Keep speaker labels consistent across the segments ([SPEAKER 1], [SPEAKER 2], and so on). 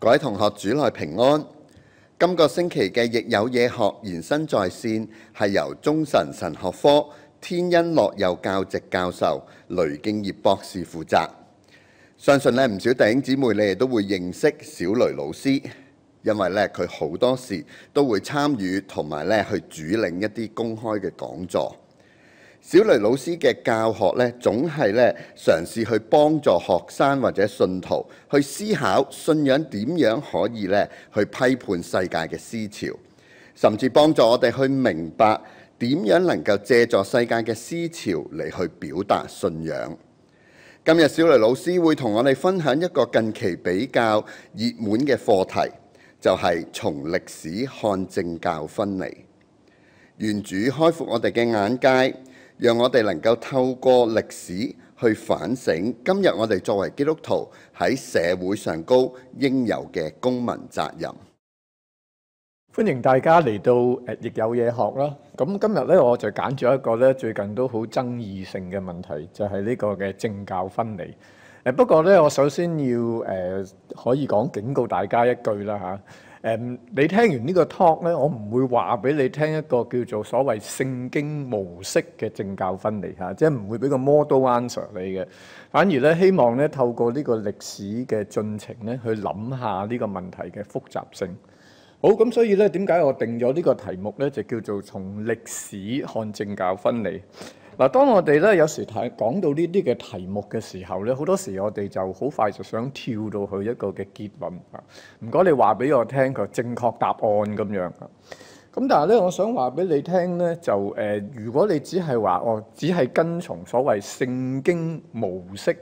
[SPEAKER 1] 各位同學主內平安，今個星期嘅疫有嘢學延伸在線係由中神神學科天恩樂幼教席教授雷競業博士負責。相信呢唔少弟兄姊妹你哋都會認識小雷老師，因為呢，佢好多時都會參與同埋呢去主領一啲公開嘅講座。小雷老師嘅教學咧，總係咧嘗試去幫助學生或者信徒去思考信仰點樣可以咧去批判世界嘅思潮，甚至幫助我哋去明白點樣能夠借助世界嘅思潮嚟去表達信仰。今日小雷老師會同我哋分享一個近期比較熱門嘅課題，就係從歷史看政教分離。願主開闊我哋嘅眼界。讓我哋能夠透過歷史去反省今日我哋作為基督徒喺社會上高應有嘅公民責任。
[SPEAKER 2] 歡迎大家嚟到疫有嘢學啦。咁今日咧，我就揀咗一個咧最近都好爭議性嘅問題，就係呢個嘅政教分離。誒，不過咧，我首先要誒，可以講警告大家一句啦嚇。誒，um, 你聽完呢個 talk 咧，我唔會話俾你聽一個叫做所謂聖經模式嘅政教分離嚇，即係唔會俾個 model answer 你嘅。反而咧，希望咧透過呢個歷史嘅進程咧，去諗下呢個問題嘅複雜性。好咁，所以咧，點解我定咗呢個題目咧，就叫做從歷史看政教分離。嗱，當我哋咧有時睇講到呢啲嘅題目嘅時候咧，好多時我哋就好快就想跳到去一個嘅結論啊。唔該，你話俾我聽，佢正確答案咁樣啊。咁但係咧，我想話俾你聽咧，就誒、呃，如果你只係話我只係跟從所謂聖經模式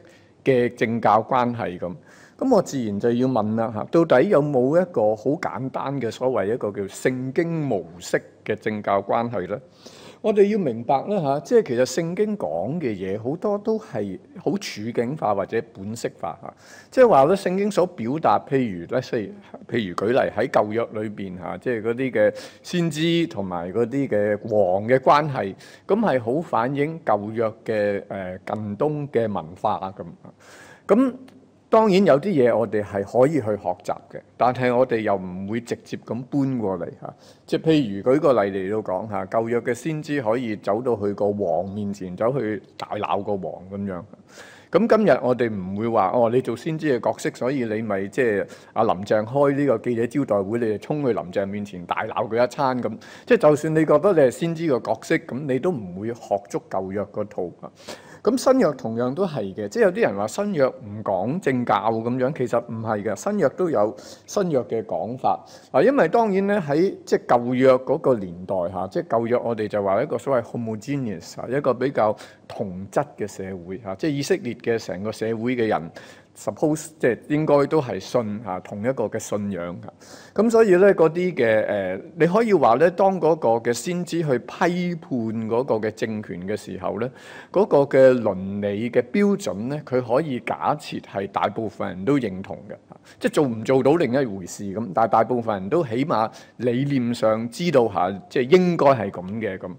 [SPEAKER 2] 嘅政教關係咁，咁我自然就要問啦嚇，到底有冇一個好簡單嘅所謂一個叫聖經模式嘅政教關係咧？我哋要明白啦，吓，即係其實聖經講嘅嘢好多都係好處境化或者本色化吓，即係話咧聖經所表達譬如咧，譬如譬如，譬如舉例喺舊約裏邊吓，即係嗰啲嘅先知同埋嗰啲嘅王嘅關係，咁係好反映舊約嘅誒近東嘅文化啊咁。咁當然有啲嘢我哋係可以去學習嘅，但係我哋又唔會直接咁搬過嚟吓。即係譬如舉個例嚟到講吓，舊約嘅先知可以走到去個王面前走去大鬧個王咁樣。咁今日我哋唔會話哦，你做先知嘅角色，所以你咪即係阿林鄭開呢個記者招待會，你就衝去林鄭面前大鬧佢一餐咁。即係就算你覺得你係先知嘅角色，咁你都唔會學足舊約個套啊。咁新約同樣都係嘅，即係有啲人話新約唔講政教咁樣，其實唔係嘅，新約都有新約嘅講法。啊，因為當然咧喺即係舊約嗰個年代吓，即係舊約我哋就話一個所謂 homogeneous 啊，一個比較同質嘅社會吓，即係以色列嘅成個社會嘅人 suppose 即係應該都係信吓同一個嘅信仰㗎。咁所以咧，啲嘅誒你可以話咧，當個嘅先知去批判個嘅政權嘅時候咧，嗰個嘅倫理嘅標準咧，佢可以假設係大部分人都認同嘅，啊，即係做唔做到另一回事咁，啊。但係大部分人都起碼理念上知道嚇，啊，即係應該係咁嘅咁。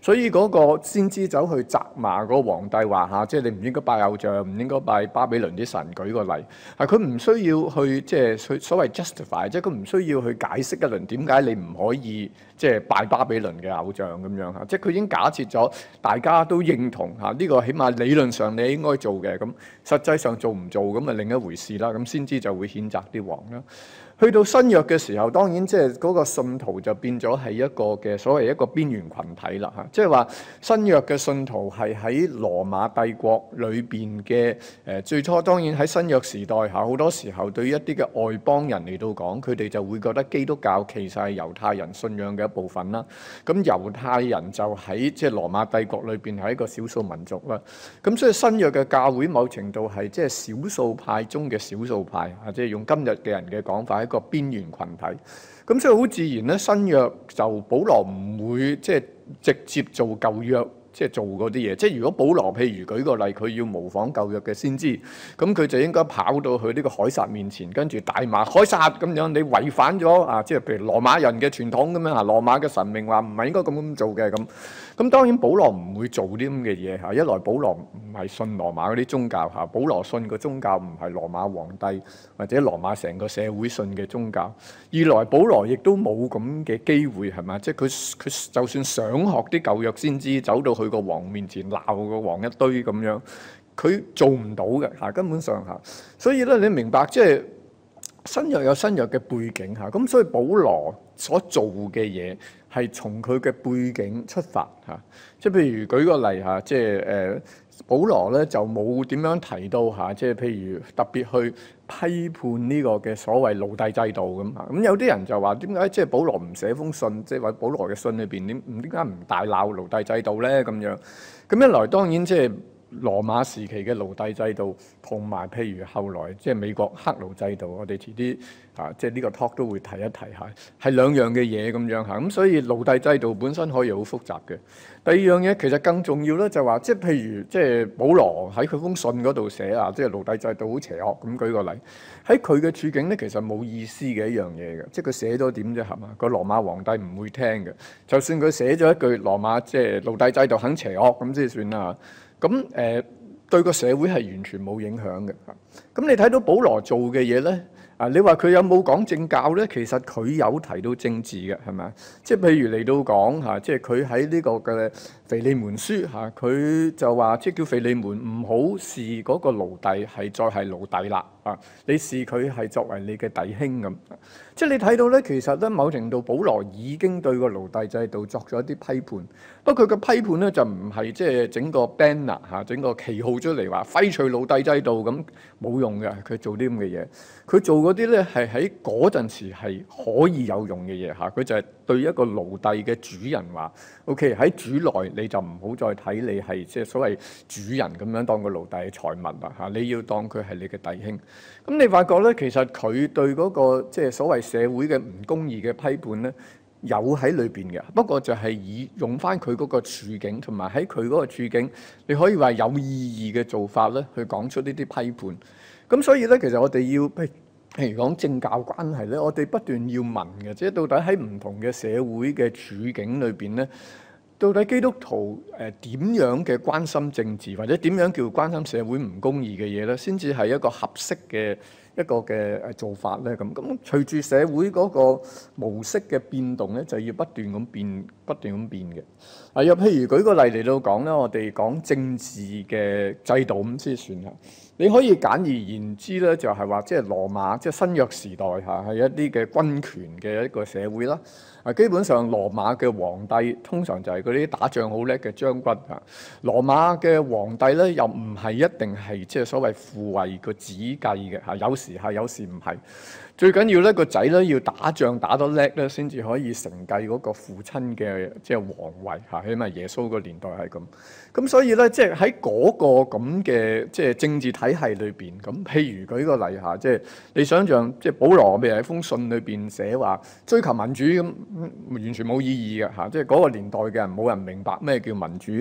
[SPEAKER 2] 所以個先知走去責罵個皇帝話吓，啊，即係你唔應該拜偶像，唔應該拜巴比倫啲神。舉個例，啊佢唔需要去即係所謂 justify，即係佢唔需。都要去解釋一輪，點解你唔可以即係拜巴比倫嘅偶像咁樣嚇，即係佢已經假設咗大家都認同嚇呢個，起碼理論上你應該做嘅咁，實際上做唔做咁啊另一回事啦，咁先知就會譴責啲王啦。啊去到新約嘅時候，當然即係嗰個信徒就變咗係一個嘅所謂一個邊緣群體啦嚇，即係話新約嘅信徒係喺羅馬帝國裏邊嘅誒，最初當然喺新約時代嚇，好多時候對於一啲嘅外邦人嚟到講，佢哋就會覺得基督教其實係猶太人信仰嘅一部分啦。咁猶太人就喺即係羅馬帝國裏邊係一個少數民族啦。咁所以新約嘅教會某程度係即係少數派中嘅少數派，啊，即係用今日嘅人嘅講法。個邊緣群體，咁所以好自然咧。新約就保羅唔會即係、就是、直接做舊約，即、就、係、是、做嗰啲嘢。即係如果保羅譬如舉個例，佢要模仿舊約嘅先知，咁佢就應該跑到去呢個凱撒面前，跟住大罵凱撒咁樣，你違反咗啊！即係譬如羅馬人嘅傳統咁樣啊，羅馬嘅神明話唔係應該咁樣做嘅咁。咁當然保羅唔會做啲咁嘅嘢吓。一來保羅唔係信羅馬嗰啲宗教吓，保羅信個宗教唔係羅馬皇帝或者羅馬成個社會信嘅宗教。二來保羅亦都冇咁嘅機會係嘛？即係佢佢就算想學啲舊約先知走到去個王面前鬧個王一堆咁樣，佢做唔到嘅吓，根本上吓。所以咧你明白即係新約有新約嘅背景吓，咁所以保羅所做嘅嘢。係從佢嘅背景出發吓、啊，即係譬如舉個例吓，即係誒保羅咧就冇點樣提到吓，即、啊、係、就是、譬如特別去批判呢個嘅所謂奴隸制度咁啊，咁有啲人就話點解即係保羅唔寫封信，即係話保羅嘅信裏邊點，點解唔大鬧奴隸制度咧咁樣？咁一來當然即、就、係、是。羅馬時期嘅奴隸制度，同埋譬如後來即係美國黑奴制度，我哋遲啲啊，即係呢個 talk 都會提一提下，係兩樣嘅嘢咁樣吓。咁、啊、所以奴隸制度本身可以好複雜嘅。第二樣嘢其實更重要咧，就話即係譬如即係保羅喺佢封信嗰度寫啊，即係奴隸制度好邪惡咁。舉個例，喺佢嘅處境咧，其實冇意思嘅一樣嘢嘅，即係佢寫咗點啫，係嘛？個羅馬皇帝唔會聽嘅，就算佢寫咗一句羅馬即係奴隸制度肯邪惡咁，即係算啦。咁誒、嗯、對個社會係完全冇影響嘅嚇。咁、嗯、你睇到保羅做嘅嘢咧啊？你話佢有冇講政教咧？其實佢有提到政治嘅，係咪啊？即係譬如嚟到講嚇，即係佢喺呢個嘅，腓利門書嚇，佢、啊、就話即係叫腓利門唔好視嗰個奴隸係再係奴隸啦啊！你視佢係作為你嘅弟兄咁，即、啊、係、就是、你睇到咧，其實咧某程度保羅已經對個奴隸制度作咗啲批判。不過佢嘅批判咧就唔係即係整個 banner 嚇、啊，整個旗號出嚟話廢除奴隸制度咁冇、啊、用嘅。佢做啲咁嘅嘢，佢做嗰啲咧係喺嗰陣時係可以有用嘅嘢嚇。佢、啊、就係、是。對一個奴隸嘅主人話：O.K. 喺主內你就唔好再睇你係即係所謂主人咁樣當個奴隸嘅財物啦嚇！你要當佢係你嘅弟兄。咁你發覺咧，其實佢對嗰個即係所謂社會嘅唔公義嘅批判咧，有喺裏邊嘅。不過就係以用翻佢嗰個處境，同埋喺佢嗰個處境，你可以話有意義嘅做法咧，去講出呢啲批判。咁所以咧，其實我哋要。譬如講政教關係咧，我哋不斷要問嘅，即係到底喺唔同嘅社會嘅處境裏邊咧，到底基督徒誒點樣嘅關心政治，或者點樣叫關心社會唔公義嘅嘢咧，先至係一個合適嘅一個嘅誒做法咧？咁咁隨住社會嗰個模式嘅變動咧，就要不斷咁變，不斷咁變嘅。啊，又譬如舉個例嚟到講咧，我哋講政治嘅制度咁先算啦。你可以簡而言之咧，就係話即係羅馬即係新約時代嚇，係一啲嘅軍權嘅一個社會啦。啊，基本上羅馬嘅皇帝通常就係嗰啲打仗好叻嘅將軍啊。羅馬嘅皇帝咧又唔係一定係即係所謂父位個子繼嘅嚇，有時係有時唔係。最緊要咧，個仔咧要打仗打得叻咧，先至可以承繼嗰個父親嘅即係皇位嚇。起碼耶穌個年代係咁。咁所以咧，即係喺嗰個咁嘅即係政治體系裏邊，咁譬如舉個例嚇，即係你想象，即係保羅咪喺封信裏邊寫話追求民主咁、嗯、完全冇意義嘅嚇，即係嗰個年代嘅人冇人明白咩叫民主，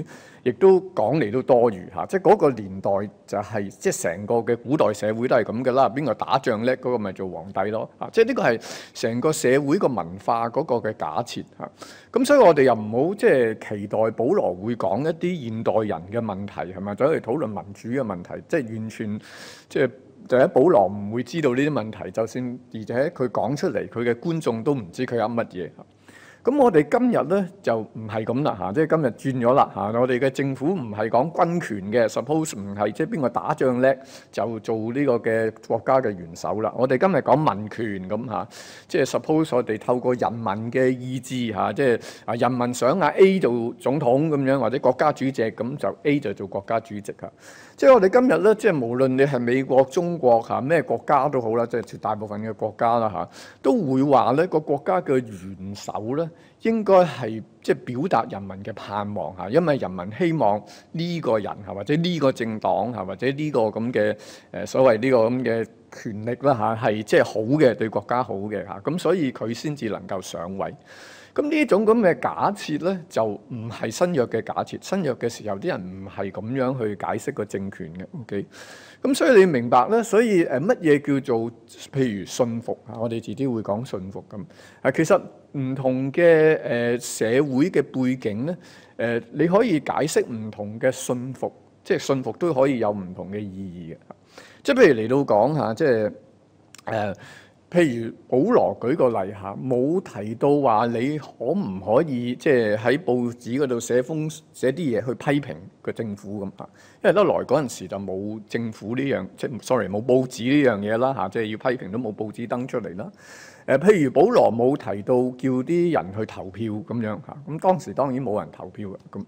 [SPEAKER 2] 亦都講嚟都多餘嚇，即係嗰個年代就係、係、即係成個嘅古代社會都係咁嘅啦，邊個打仗叻嗰、嗰個咪做皇帝咯嚇，即係呢個係成個社會個文化嗰個嘅假設嚇。咁所以我哋又唔好即係期待保羅會講一啲現代人嘅問題，係咪？再嚟討論民主嘅問題，即係完全即係就係保羅唔會知道呢啲問題，就算而且佢講出嚟，佢嘅觀眾都唔知佢噏乜嘢。咁我哋今日咧就唔係咁啦嚇，即係今日轉咗啦嚇。我哋嘅政府唔係講軍權嘅，suppose 唔係即係邊個打仗叻就做呢個嘅國家嘅元首啦。我哋今日講民權咁嚇，即係 suppose 我哋透過人民嘅意志嚇，即係啊人民想啊 A 做總統咁樣，或者國家主席咁就 A 就做國家主席啊。即係我哋今日咧，即係無論你係美國、中國嚇咩國家都好啦，即係大部分嘅國家啦嚇，都會話咧、個國家嘅元首咧，應該係即係表達人民嘅盼望嚇，因為人民希望呢個人嚇，或者呢個政黨嚇，或者呢個咁嘅誒所謂呢個咁嘅權力啦嚇，係即係好嘅對國家好嘅嚇，咁所以佢先至能夠上位。咁呢種咁嘅假設咧，就唔係新約嘅假設。新約嘅時候，啲人唔係咁樣去解釋個政權嘅。OK。咁所以你明白咧，所以誒乜嘢叫做譬如信服嚇？我哋自己會講信服咁啊，其實。唔同嘅誒社會嘅背景咧，誒你可以解釋唔同嘅信服，即係信服都可以有唔同嘅意義嘅。即係譬如嚟到講嚇，即係誒、呃，譬如保羅舉個例嚇，冇提到話你可唔可以即係喺報紙嗰度寫封寫啲嘢去批評個政府咁嚇。因為得來嗰陣時就冇政府呢樣，即係 sorry 冇報紙呢樣嘢啦吓，即係要批評都冇報紙登出嚟啦。誒、呃，譬如保羅冇提到叫啲人去投票咁樣嚇，咁、啊、當時當然冇人投票嘅，咁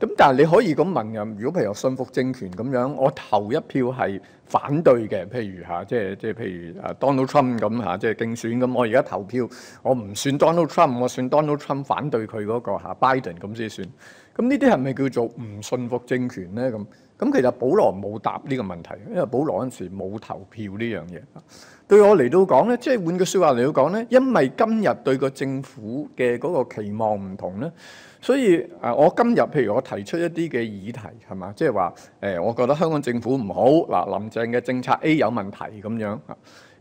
[SPEAKER 2] 咁但係你可以咁問嘅、啊，如果譬如信服政權咁樣，我投一票係反對嘅，譬如嚇、啊，即係即係譬如 Donald Trump 咁嚇、啊，即係競選咁，我而家投票，我唔算 Donald Trump，我算 Donald Trump 反對佢嗰、嗰個、啊、Biden 咁先算，咁呢啲係咪叫做唔信服政權咧？咁咁其實保羅冇答呢個問題，因為保羅嗰陣時冇投票呢樣嘢。啊對我嚟到講咧，即係換句説話嚟到講咧，因為今日對個政府嘅嗰個期望唔同咧，所以誒，我今日譬如我提出一啲嘅議題係嘛，即係話誒，我覺得香港政府唔好嗱，林鄭嘅政策 A 有問題咁樣。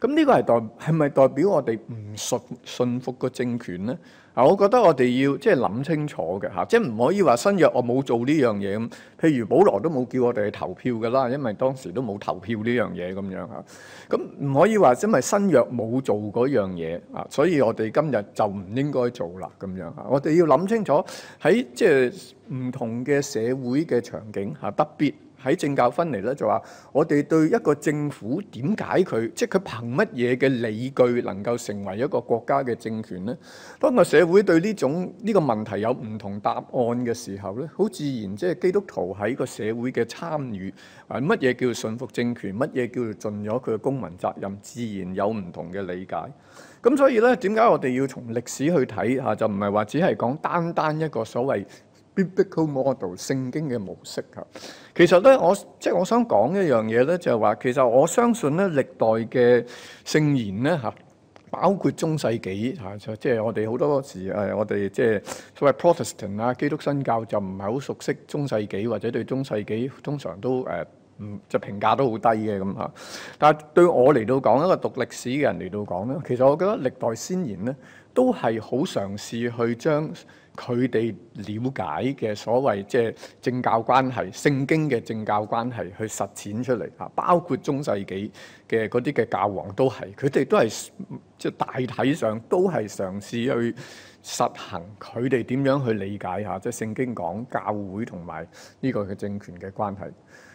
[SPEAKER 2] 咁呢個係代係咪代表我哋唔信信服個政權咧？啊，我覺得我哋要即係諗清楚嘅吓，即係唔可以話新約我冇做呢樣嘢咁。譬如保羅都冇叫我哋去投票㗎啦，因為當時都冇投票呢樣嘢咁樣吓。咁唔可以話因為新約冇做嗰樣嘢啊，所以我哋今日就唔應該做啦咁樣吓。我哋要諗清楚喺即係唔同嘅社會嘅場景吓，特別。喺政教分離咧，就話、是、我哋對一個政府點解佢，即係佢憑乜嘢嘅理據能夠成為一個國家嘅政權咧？當個社會對呢種呢、呢個問題有唔同答案嘅時候咧，好自然，即係基督徒喺個社會嘅參與，啊，乜嘢叫做順服政權，乜嘢叫做盡咗佢嘅公民責任，自然有唔同嘅理解。咁所以咧，點解我哋要從歷史去睇吓？就唔係話只係講單單一個所謂。Biblical Model 聖經嘅模式啊，其實咧，我即係我想講一樣嘢咧，就係話其實我相信咧歷代嘅聖言咧嚇，包括中世紀嚇，即係我哋好多時誒，我哋即係所謂 Protestant 啊，基督新教就唔係好熟悉中世紀或者對中世紀通常都誒，唔就評價都好低嘅咁嚇。但係對我嚟到講一個讀歷史嘅人嚟到講咧，其實我覺得歷代先言咧都係好嘗試去將。佢哋了解嘅所謂即係政教關係，聖經嘅政教關係去實踐出嚟吓，包括中世紀嘅嗰啲嘅教皇都係佢哋都係，即係大體上都係嘗試去實行佢哋點樣去理解嚇，即係聖經講教會同埋呢個嘅政權嘅關係。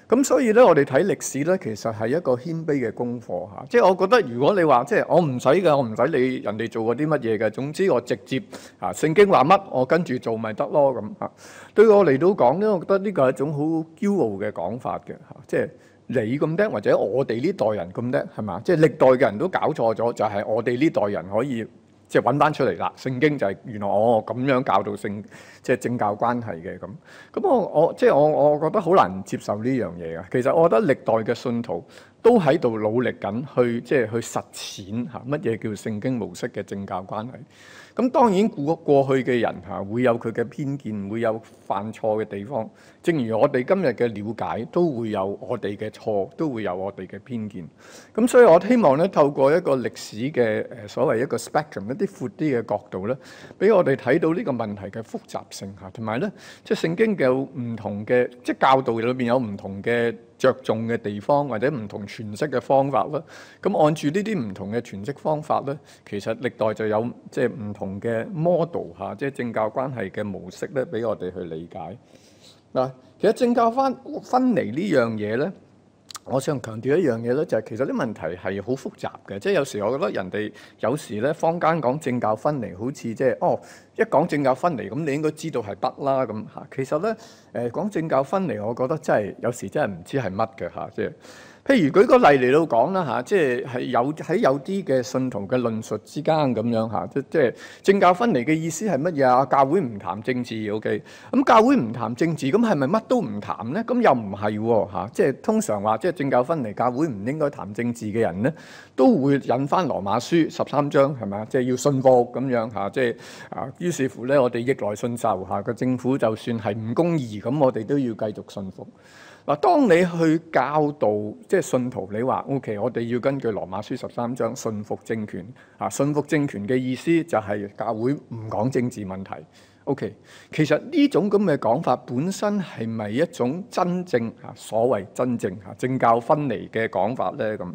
[SPEAKER 2] 咁所以咧，我哋睇歷史咧，其實係一個謙卑嘅功課嚇、啊。即係我覺得，如果你話即係我唔使㗎，我唔使理人哋做過啲乜嘢嘅，總之我直接啊聖經話乜，我跟住做咪得咯咁啊。對我嚟到講咧，我覺得呢個係一種好驕傲嘅講法嘅嚇、啊。即係你咁叻，或者我哋呢代人咁叻係嘛？即係歷代嘅人都搞錯咗，就係、是、我哋呢代人可以。即係揾翻出嚟啦！聖經就係、是、原來我咁、哦、樣教導政即係政教關係嘅咁咁我我即係、就是、我我覺得好難接受呢樣嘢啊！其實我覺得歷代嘅信徒都喺度努力緊去即係、就是、去實踐吓乜嘢叫聖經模式嘅政教關係。咁當然過過去嘅人嚇、啊、會有佢嘅偏見，會有犯錯嘅地方。正如我哋今日嘅了解，都會有我哋嘅錯，都會有我哋嘅偏見。咁所以我希望咧，透過一個歷史嘅誒、呃、所謂一個 spectrum，一啲闊啲嘅角度咧，俾我哋睇到呢個問題嘅複雜性嚇，同埋咧即係聖經嘅唔同嘅，即、就、係、是、教導裏邊有唔同嘅，着重嘅地方或者唔同詮釋嘅方法咯，咁按住呢啲唔同嘅詮釋方法咧，其實歷代就有 el，即係唔同嘅 model 嚇，即係政教關係嘅模式咧，俾我哋去理解嗱。其實政教分分離呢樣嘢咧。我想強調一樣嘢咧，就係其實啲問題係好複雜嘅，即係有時我覺得人哋有時咧，坊間講政教分離，好似即係哦一講政教分離，咁你應該知道係得啦咁嚇。其實咧誒講政教分離，我覺得真係有時真係唔知係乜嘅嚇，即係。譬如、hey, 舉個例嚟到講啦吓，即係係有喺有啲嘅信徒嘅論述之間咁樣吓，即即政教分離嘅意思係乜嘢啊？教會唔談政治，O K。咁教會唔談政治，咁係咪乜都唔談咧？咁又唔係喎吓，即係通常話即係政教分離，教會唔應該談政治嘅人咧，都會引翻羅馬書十三章係咪？即係要信服咁樣吓，即係啊，於是乎咧，我哋逆來順受吓，個、啊、政府就算係唔公義咁，我哋都要繼續信服。嗱，當你去教導即係、就是、信徒，你話 OK，我哋要根據羅馬書十三章信服政權。嚇，信服政權嘅意思就係教會唔講政治問題。O、OK, K，其實呢種咁嘅講法本身係咪一種真正嚇所謂真正嚇政教分離嘅講法咧？咁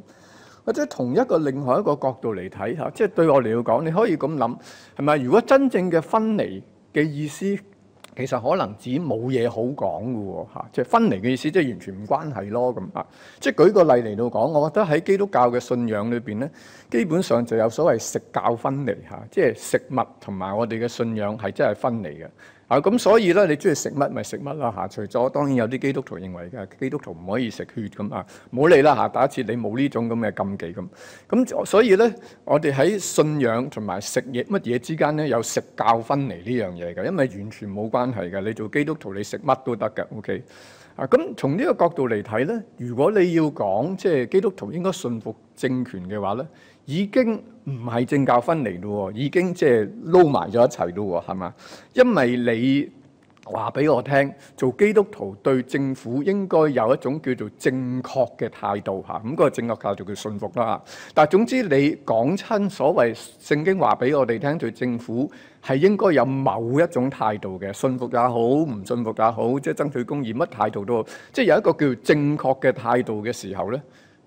[SPEAKER 2] 或者同一個另外一個角度嚟睇嚇，即、就、係、是、對我哋嚟講，你可以咁諗係咪？如果真正嘅分離嘅意思？其實可能只冇嘢好講嘅喎，嚇，即係分離嘅意思，即係完全唔關係咯，咁啊，即係舉個例嚟到講，我覺得喺基督教嘅信仰裏邊咧，基本上就有所謂食教分離嚇，即係食物同埋我哋嘅信仰係真係分離嘅。咁、啊、所以咧，你中意食乜咪食乜啦，吓、就是啊！除咗當然有啲基督徒認為嘅，基督徒唔可以食血咁啊，冇理啦，吓！打一次你冇呢種咁嘅禁忌咁。咁、啊啊、所以咧，我哋喺信仰同埋食嘢乜嘢之間咧，有食教分離呢樣嘢嘅，因為完全冇關係嘅。你做基督徒，你食乜都得嘅。O、okay? K，啊，咁從呢個角度嚟睇咧，如果你要講即係基督徒應該信服政權嘅話咧。已經唔係政教分離咯，已經即係撈埋咗一齊咯，係嘛？因為你話俾我聽，做基督徒對政府應該有一種叫做正確嘅態度嚇，咁、那、嗰個正確態度叫做信服啦。但係總之你講親所謂聖經話俾我哋聽，對政府係應該有某一種態度嘅，信服也好，唔信服也好，即係爭取公義乜態度都好，即係有一個叫做正確嘅態度嘅時候咧。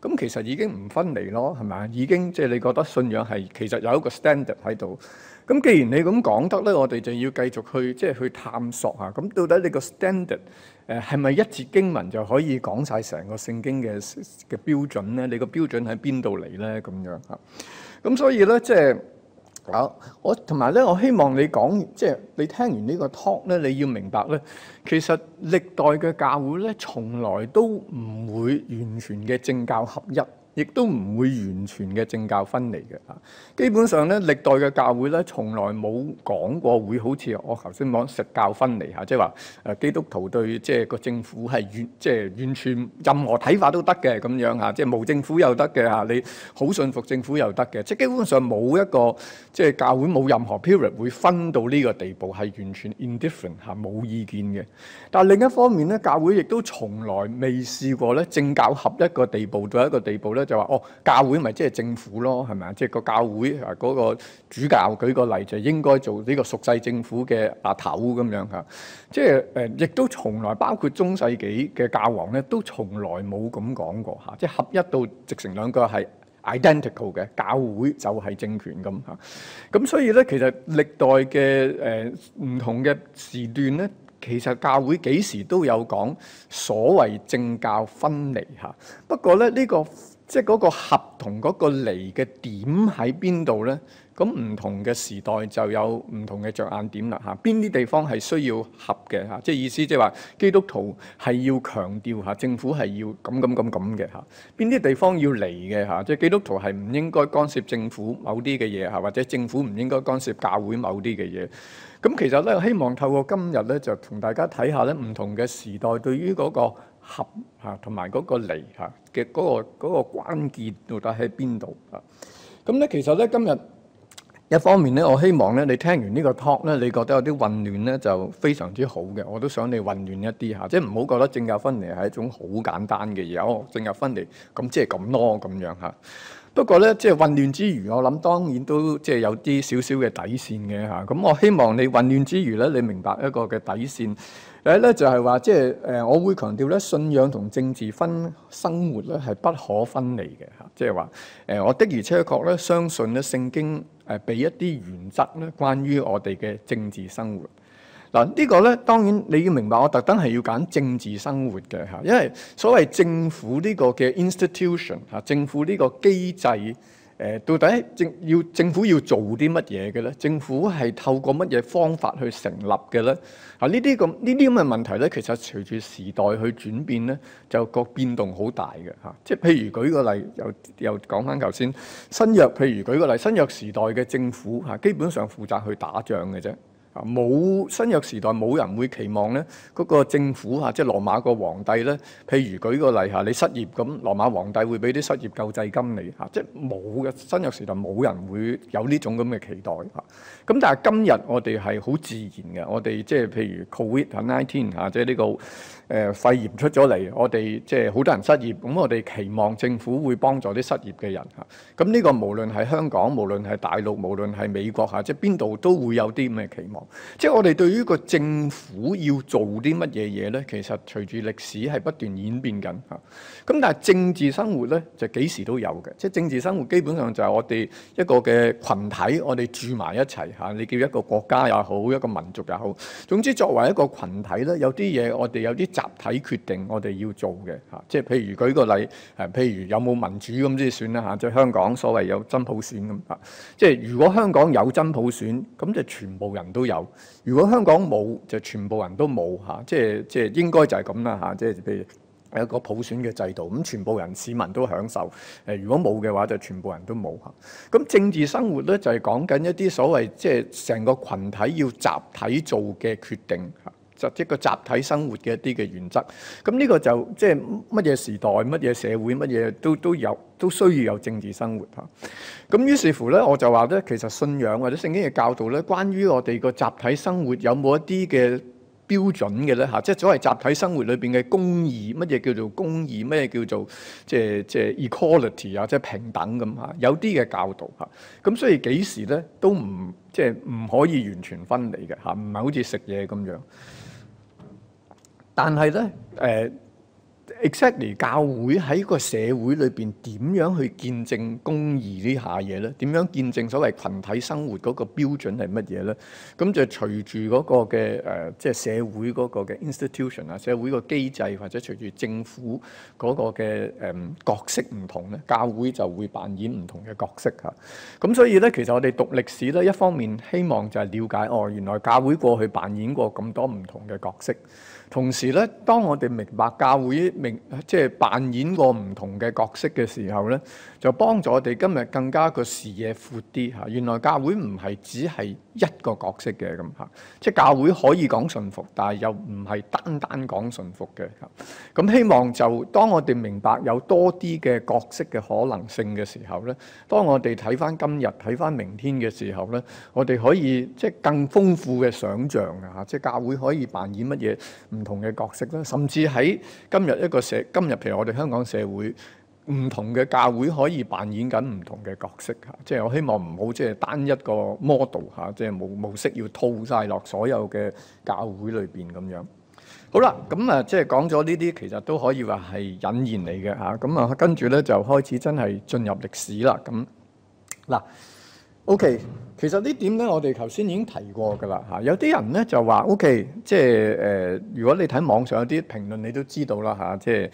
[SPEAKER 2] 咁其實已經唔分離咯，係咪？已經即係、就是、你覺得信仰係其實有一個 standard 喺度。咁既然你咁講得咧，我哋就要繼續去即係、就是、去探索下。咁到底你個 standard 誒係咪一節經文就可以講晒成個聖經嘅嘅標準咧？你個標準喺邊度嚟咧？咁樣嚇。咁所以咧，即、就、係、是。好，我有我同埋咧，我希望你講，即係你聽完呢個 talk 咧，你要明白咧，其實歷代嘅教會咧，從來都唔會完全嘅政教合一。亦都唔會完全嘅政教分離嘅啊。基本上咧，歷代嘅教會咧，從來冇講過會好似我頭先講食教分離嚇，即係話誒基督徒對即係個政府係完即係完全任何睇法都得嘅咁樣嚇，即係冇政府又得嘅嚇，你好信服政府又得嘅，即係基本上冇一個即係教會冇任何 period 會分到呢個地步，係完全 indifferent 嚇冇意見嘅。但另一方面咧，教會亦都從來未試過咧政教合一個地步到一個地步咧。就話哦，教會咪即係政府咯，係咪啊？即係個教會啊，嗰個主教舉個例就應該做呢個屬世政府嘅阿頭咁樣嚇。即係誒，亦都從來包括中世紀嘅教皇咧，都從來冇咁講過嚇。即係合一到直成兩個係 identical 嘅教會就係政權咁嚇。咁所以咧，其實歷代嘅誒唔同嘅時段咧，其實教會幾時都有講所謂政教分離嚇。不過咧，呢個即係嗰個合同嗰個離嘅點喺邊度咧？咁唔同嘅時代就有唔同嘅着眼點啦嚇。邊、啊、啲地方係需要合嘅嚇、啊？即係意思即係話基督徒係要強調嚇，政府係要咁咁咁咁嘅嚇。邊、啊、啲地方要離嘅嚇？即係基督徒係唔應該干涉政府某啲嘅嘢嚇，或者政府唔應該干涉教會某啲嘅嘢。咁、啊、其實咧，我希望透過今日咧，就同大家睇下咧，唔同嘅時代對於嗰、嗰個合嚇同埋嗰個離嚇嘅嗰個嗰個關鍵到底喺邊度啊？咁咧，其實咧，今日一方面咧，我希望咧，你聽完呢個 talk 咧，你覺得有啲混亂咧，就非常之好嘅。我都想你混亂一啲嚇，即係唔好覺得政教分離係一種好簡單嘅嘢哦。政教分離咁，即係咁囉，咁樣嚇。不過咧，即係混亂之餘，我諗當然都即係有啲少少嘅底線嘅嚇。咁我希望你混亂之餘咧，你明白一個嘅底線。誒咧就係話，即係誒，我會強調咧，信仰同政治分生活咧係不可分離嘅嚇。即係話誒，我的而且確咧，相信咧聖經誒俾一啲原則咧，關於我哋嘅政治生活。嗱、這個、呢個咧當然你要明白，我特登係要揀政治生活嘅嚇，因為所謂政府呢個嘅 institution 嚇，政府呢個機制。誒到底政要政府要做啲乜嘢嘅咧？政府係透過乜嘢方法去成立嘅咧？啊，呢啲咁呢啲咁嘅問題咧，其實隨住時代去轉變咧，就個變動好大嘅嚇。即係譬如舉個例，又又講翻頭先新約，譬如舉個例新約時代嘅政府嚇，基本上負責去打仗嘅啫。冇新約時代冇人會期望咧，嗰個政府嚇，即係羅馬個皇帝咧。譬如舉個例嚇，你失業咁，羅馬皇帝會俾啲失業救濟金你嚇，即係冇嘅。新約時代冇人會有呢種咁嘅期待嚇。咁但係今日我哋係好自然嘅，我哋即係譬如 Covid 啊，Nineteen 嚇，19，即係呢、這個。誒、呃、肺炎出咗嚟，我哋即係好多人失業，咁我哋期望政府會幫助啲失業嘅人吓，咁、啊、呢、嗯，這個無論係香港，無論係大陸，無論係美國吓、啊，即係邊度都會有啲咁嘅期望。啊、即係我哋對於個政府要做啲乜嘢嘢咧，其實隨住歷史係不斷演變緊吓，咁、啊嗯、但係政治生活咧，就幾時都有嘅。即係政治生活基本上就係我哋一個嘅群體，我哋住埋一齊吓、啊，你叫一個國家也好，一個民族也好，總之作為一個群體咧，有啲嘢我哋有啲。嗯嗯嗯集體決定我哋要做嘅嚇，即係譬如舉個例，誒，譬如有冇民主咁先算啦嚇。在香港所謂有真普選咁嚇，即係如果香港有真普選，咁就全部人都有；如果香港冇，就全部人都冇嚇。即係即係應該就係咁啦嚇。即係譬如有一個普選嘅制度，咁全部人市民都享受。誒，如果冇嘅話，就全部人都冇嚇。咁政治生活咧就係講緊一啲所謂，即係成個群體要集體做嘅決定。就一個集體生活嘅一啲嘅原則，咁呢個就即係乜嘢時代、乜嘢社會、乜嘢都都有都需要有政治生活嚇。咁於是乎咧，我就話咧，其實信仰或者聖經嘅教導咧，關於我哋個集體生活有冇一啲嘅標準嘅咧嚇，即係所謂集體生活裏邊嘅公義，乜嘢叫做公義，咩叫做即係即係 equality 啊，即係平等咁嚇。有啲嘅教導嚇，咁所以幾時咧都唔即係唔可以完全分離嘅嚇，唔係好似食嘢咁樣。但係咧，誒、呃，exactly，教會喺個社會裏邊點樣去見證公義下呢下嘢咧？點樣見證所謂群體生活嗰個標準係乜嘢咧？咁就隨住嗰個嘅誒、呃，即係社會嗰個嘅 institution 啊，社會個機制，或者隨住政府嗰個嘅誒、呃，角色唔同咧，教會就會扮演唔同嘅角色嚇。咁所以咧，其實我哋讀歷史咧，一方面希望就係了解哦，原來教會過去扮演過咁多唔同嘅角色。同時咧，當我哋明白教會明即係扮演過唔同嘅角色嘅時候咧，就幫助我哋今日更加個視野闊啲嚇。原來教會唔係只係一個角色嘅咁嚇，即係教會可以講順服，但係又唔係單單講順服嘅。咁希望就當我哋明白有多啲嘅角色嘅可能性嘅時候咧，當我哋睇翻今日、睇翻明天嘅時候咧，我哋可以即係更豐富嘅想像啊！嚇，即係教會可以扮演乜嘢？唔同嘅角色啦，甚至喺今日一個社，今日譬如我哋香港社會，唔同嘅教會可以扮演緊唔同嘅角色嚇，即係我希望唔好即係單一個 model 嚇，即係模模式要套晒落所有嘅教會裏邊咁樣。好啦，咁啊即係講咗呢啲，其實都可以話係引言嚟嘅嚇，咁啊跟住咧就開始真係進入歷史啦。咁嗱。O.K. 其實點呢點咧，我哋頭先已經提過㗎啦嚇。有啲人咧就話 O.K. 即係誒、呃，如果你睇網上有啲評論，你都知道啦嚇、啊。即係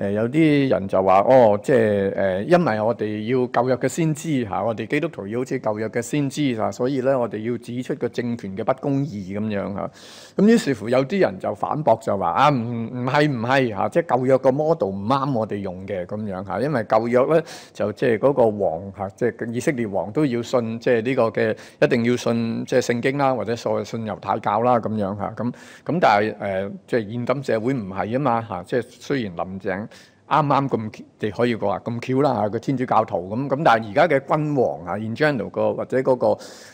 [SPEAKER 2] 誒有啲人就話哦，即係誒，因為我哋要舊約嘅先知嚇、啊，我哋基督徒要好似舊約嘅先知啊，所以咧我哋要指出個政權嘅不公義咁樣嚇。咁、啊、於是乎有啲人就反駁就話啊，唔唔係唔係嚇，即係舊約個 model 唔啱我哋用嘅咁樣嚇、啊，因為舊約咧就即係嗰個王嚇，即、啊、係、就是、以色列王都要信。即係呢個嘅一定要信即係聖經啦，或者所謂信猶太教啦咁樣吓。咁咁但係誒、呃，即係現今社會唔係啊嘛吓，即係雖然林鄭。啱啱咁地可以講話咁巧啦嚇，個天主教徒咁咁，但係而家嘅君王啊 in general，個或者嗰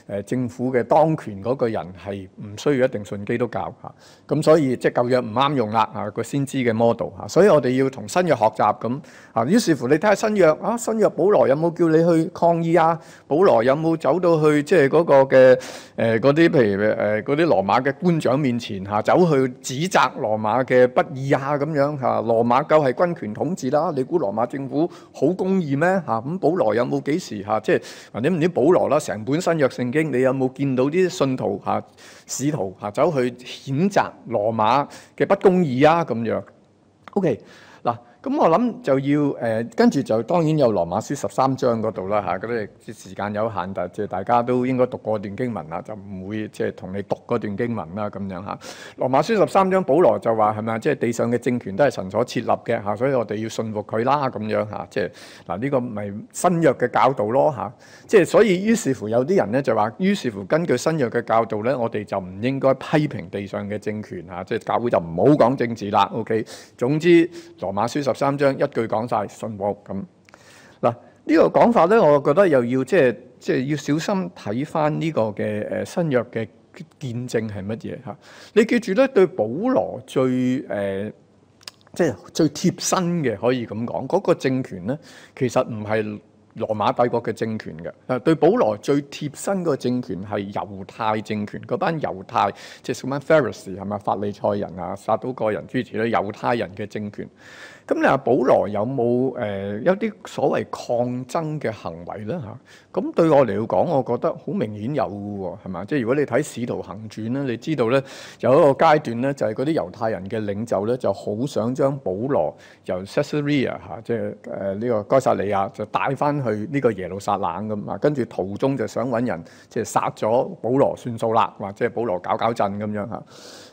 [SPEAKER 2] 個政府嘅當權嗰個人係唔需要一定信基督教嚇，咁所以即係舊約唔啱用啦嚇，個先知嘅 model 嚇，所以我哋要同新約學習咁嚇。於是乎你睇下新約啊，新約保羅有冇叫你去抗議啊？保羅有冇走到去即係嗰個嘅誒嗰啲譬如誒嗰啲羅馬嘅官長面前嚇，走去指責羅馬嘅不義啊咁樣嚇，羅馬夠係軍權。統治啦，你估羅馬政府好公義咩？嚇、啊、咁保羅有冇幾時嚇、啊，即係或者唔知保羅啦，成本新約聖經，你有冇見到啲信徒嚇、啊、使徒嚇、啊、走去譴責羅馬嘅不公義啊？咁樣，OK。咁我諗就要誒，跟、呃、住就當然有羅馬書十三章嗰度啦嚇。咁咧時間有限，但即係大家都應該讀過段經文啦，就唔會即係同你讀嗰段經文啦咁樣嚇。羅馬書十三章，保羅就話係咪啊？即係、就是、地上嘅政權都係神所設立嘅嚇、啊，所以我哋要信服佢啦咁樣嚇。即係嗱呢個咪新約嘅教導咯嚇。即、啊、係所以於是乎有啲人咧就話，於是乎根據新約嘅教導咧，我哋就唔應該批評地上嘅政權嚇，即、啊、係、就是、教會就唔好講政治啦。OK，總之羅馬書十三章一句講晒信我咁嗱呢個講法咧，我覺得又要即係即係要小心睇翻呢個嘅誒新約嘅見證係乜嘢嚇？你記住咧，對保羅最誒即係最貼身嘅可以咁講，嗰個政權咧其實唔係羅馬帝國嘅政權嘅，對保羅最貼身個政權係猶太政權，嗰班猶太即係 Soman Farris，係咪法利賽人啊，撒都該人主持咧猶太人嘅政權。咁你話保羅有冇誒、呃、一啲所謂抗爭嘅行為咧嚇？咁、啊、對我嚟講，我覺得好明顯有喎，係嘛？即係如果你睇《使徒行傳》咧，你知道咧有一個階段咧，就係嗰啲猶太人嘅領袖咧，就好想將保羅由塞薩里亞嚇，即係誒呢個該撒利亞，就帶翻去呢個耶路撒冷咁啊，跟住途中就想揾人、就是殺啊、即係殺咗保羅算數啦，或者保羅搞搞震咁樣嚇。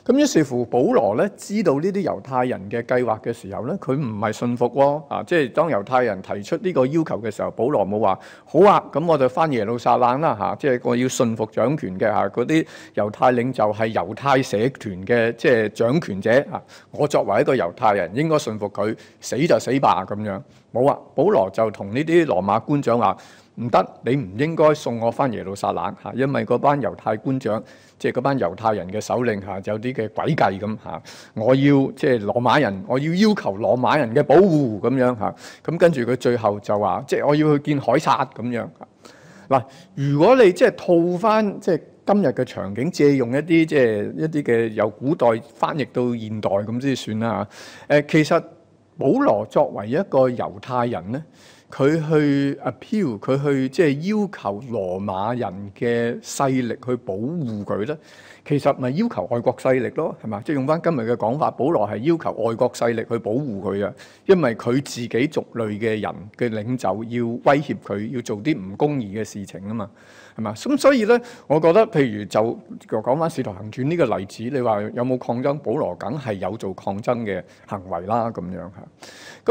[SPEAKER 2] 咁於是乎，保羅咧知道呢啲猶太人嘅計劃嘅時候咧，佢唔係信服喎啊！即係當猶太人提出呢個要求嘅時候，保羅冇話好啊，咁我就返耶路撒冷啦嚇，啊，即係我要信服掌權嘅嚇，嗰啲猶太領袖係猶太社團嘅即係掌權者啊！我作為一個猶太人應該信服佢，死就死吧，咁樣冇啊！保羅就同呢啲羅馬官長話。唔得，你唔應該送我翻耶路撒冷嚇，因為嗰班猶太官長，即係嗰班猶太人嘅首領嚇，有啲嘅詭計咁嚇。我要即係羅馬人，我要要求羅馬人嘅保護咁樣嚇。咁跟住佢最後就話，即係我要去見海撒咁樣。嗱，如果你即係套翻即係今日嘅場景，借用一啲即係一啲嘅由古代翻譯到現代咁先算啦嚇。誒，其實保羅作為一個猶太人咧，佢去 appeal，佢去即係要求羅馬人嘅勢力去保護佢咧，其實咪要求外國勢力咯，係嘛？即係用翻今日嘅講法，保羅係要求外國勢力去保護佢啊，因為佢自己族類嘅人嘅領袖要威脅佢，要做啲唔公義嘅事情啊嘛，係嘛？咁所以咧，我覺得譬如就講翻《使徒行傳》呢個例子，你話有冇抗爭？保羅梗係有做抗爭嘅行為啦，咁樣吓。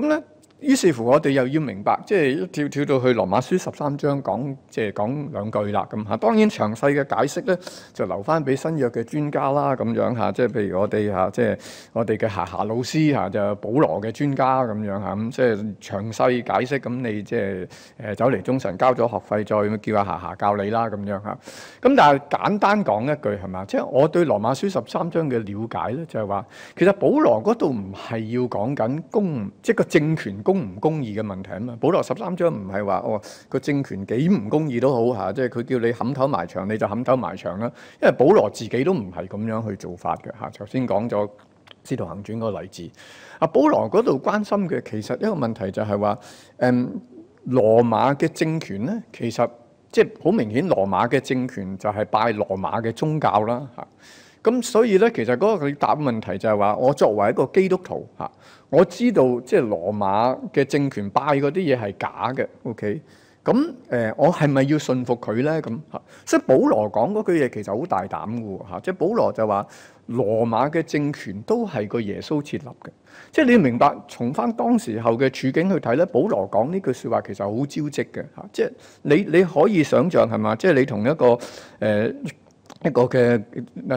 [SPEAKER 2] 咁咧。於是乎，我哋又要明白，即係跳跳到去羅馬書十三章講，即係講兩句啦咁嚇。當然詳細嘅解釋咧，就留翻俾新約嘅專家啦，咁樣嚇。即係譬如我哋嚇，即係我哋嘅霞霞老師嚇，就保羅嘅專家咁樣嚇。咁即係詳細解釋，咁你即係誒走嚟中神交咗學費，再叫下霞霞教你啦咁樣嚇。咁但係簡單講一句係嘛？即係我對羅馬書十三章嘅了解咧，就係、是、話其實保羅嗰度唔係要講緊公，即係個政權。公唔公義嘅問題啊嘛，保羅十三章唔係話哦個政權幾唔公義都好嚇、啊，即係佢叫你冚頭埋牆，你就冚頭埋牆啦。因為保羅自己都唔係咁樣去做法嘅嚇。頭、啊、先講咗《使徒行傳》嗰個例子，阿、啊、保羅嗰度關心嘅其實一個問題就係話，誒、嗯、羅馬嘅政權咧，其實即係好明顯羅馬嘅政權就係拜羅馬嘅宗教啦嚇。咁、啊、所以咧，其實嗰個回答問題就係話，我作為一個基督徒嚇。啊我知道即係羅馬嘅政權拜嗰啲嘢係假嘅，OK？咁誒、呃，我係咪要信服佢咧？咁吓，所以保羅講嗰句嘢其實好大膽嘅吓，即係保羅就話羅馬嘅政權都係個耶穌設立嘅，即係你明白從翻當時候嘅處境去睇咧，保羅講呢句說話其實好招積嘅吓，即係你你可以想象，係嘛？即係你同一個誒。呃一個嘅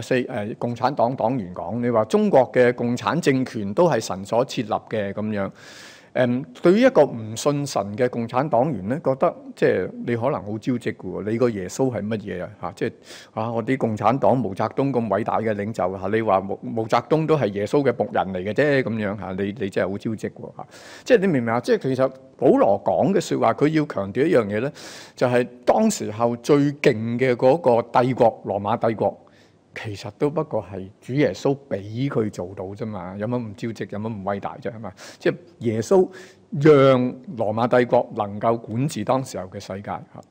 [SPEAKER 2] 四誒共產黨黨員講，你話中國嘅共產政權都係神所設立嘅咁樣。誒、嗯，對於一個唔信神嘅共產黨員咧，覺得即係你可能好招職積嘅喎。你個耶穌係乜嘢啊？嚇，即係啊，我啲共產黨毛澤東咁偉大嘅領袖嚇、啊，你話毛毛澤東都係耶穌嘅僕人嚟嘅啫咁樣嚇、啊，你你真係好招積喎。即係你明唔明啊？即係其實保羅講嘅説話，佢要強調一樣嘢咧，就係、是、當時候最勁嘅嗰個帝國，羅馬帝國。其實都不過係主耶穌俾佢做到啫嘛，有乜唔招積，有乜唔偉大啫嘛，即係耶穌讓羅馬帝國能夠管治當時候嘅世界嚇，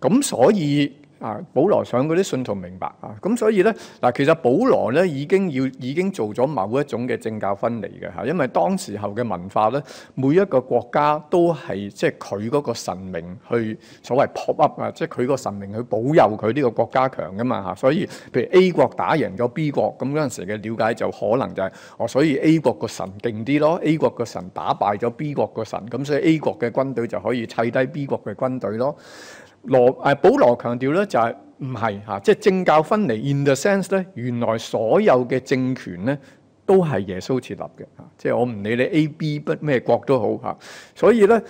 [SPEAKER 2] 咁所以。啊，保羅想嗰啲信徒明白啊，咁所以咧嗱、啊，其實保羅咧已經要已經做咗某一種嘅政教分離嘅嚇、啊，因為當時候嘅文化咧，每一個國家都係即係佢嗰個神明去所謂 pop up 啊，即係佢個神明去保佑佢呢個國家強㗎嘛嚇、啊，所以譬如 A 國打贏咗 B 國，咁嗰陣時嘅了解就可能就係、是、哦、啊，所以 A 國個神勁啲咯，A 國個神打敗咗 B 國個神，咁所以 A 國嘅軍隊就可以砌低 B 國嘅軍隊咯。羅誒，保羅強調咧就係唔係嚇，即係政教分離。In the sense 咧，原來所有嘅政權咧都係耶穌設立嘅嚇，即係我唔理你 A、B 乜咩國都好嚇，所以咧。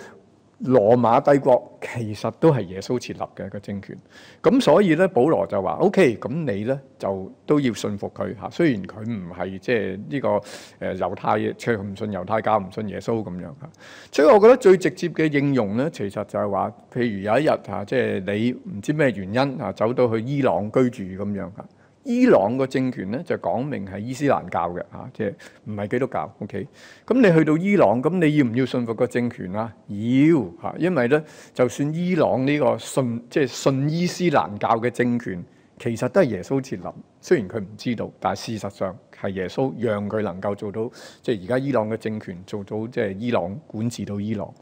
[SPEAKER 2] 羅馬帝國其實都係耶穌設立嘅一、那個政權，咁所以咧，保羅就話：OK，咁你咧就都要信服佢嚇。雖然佢唔係即係呢個誒、呃、猶太，佢唔信猶太教，唔信耶穌咁樣嚇。所以，我覺得最直接嘅應用咧，其實就係話，譬如有一日嚇，即、啊、係、就是、你唔知咩原因嚇、啊，走到去伊朗居住咁樣嚇。伊朗個政權咧就講明係伊斯蘭教嘅嚇，即係唔係基督教。OK，咁你去到伊朗，咁你要唔要信服個政權啊？要嚇，因為咧，就算伊朗呢個信即係、就是、信伊斯蘭教嘅政權，其實都係耶穌設立。雖然佢唔知道，但係事實上係耶穌讓佢能夠做到，即係而家伊朗嘅政權做到，即、就、係、是、伊朗管治到伊朗。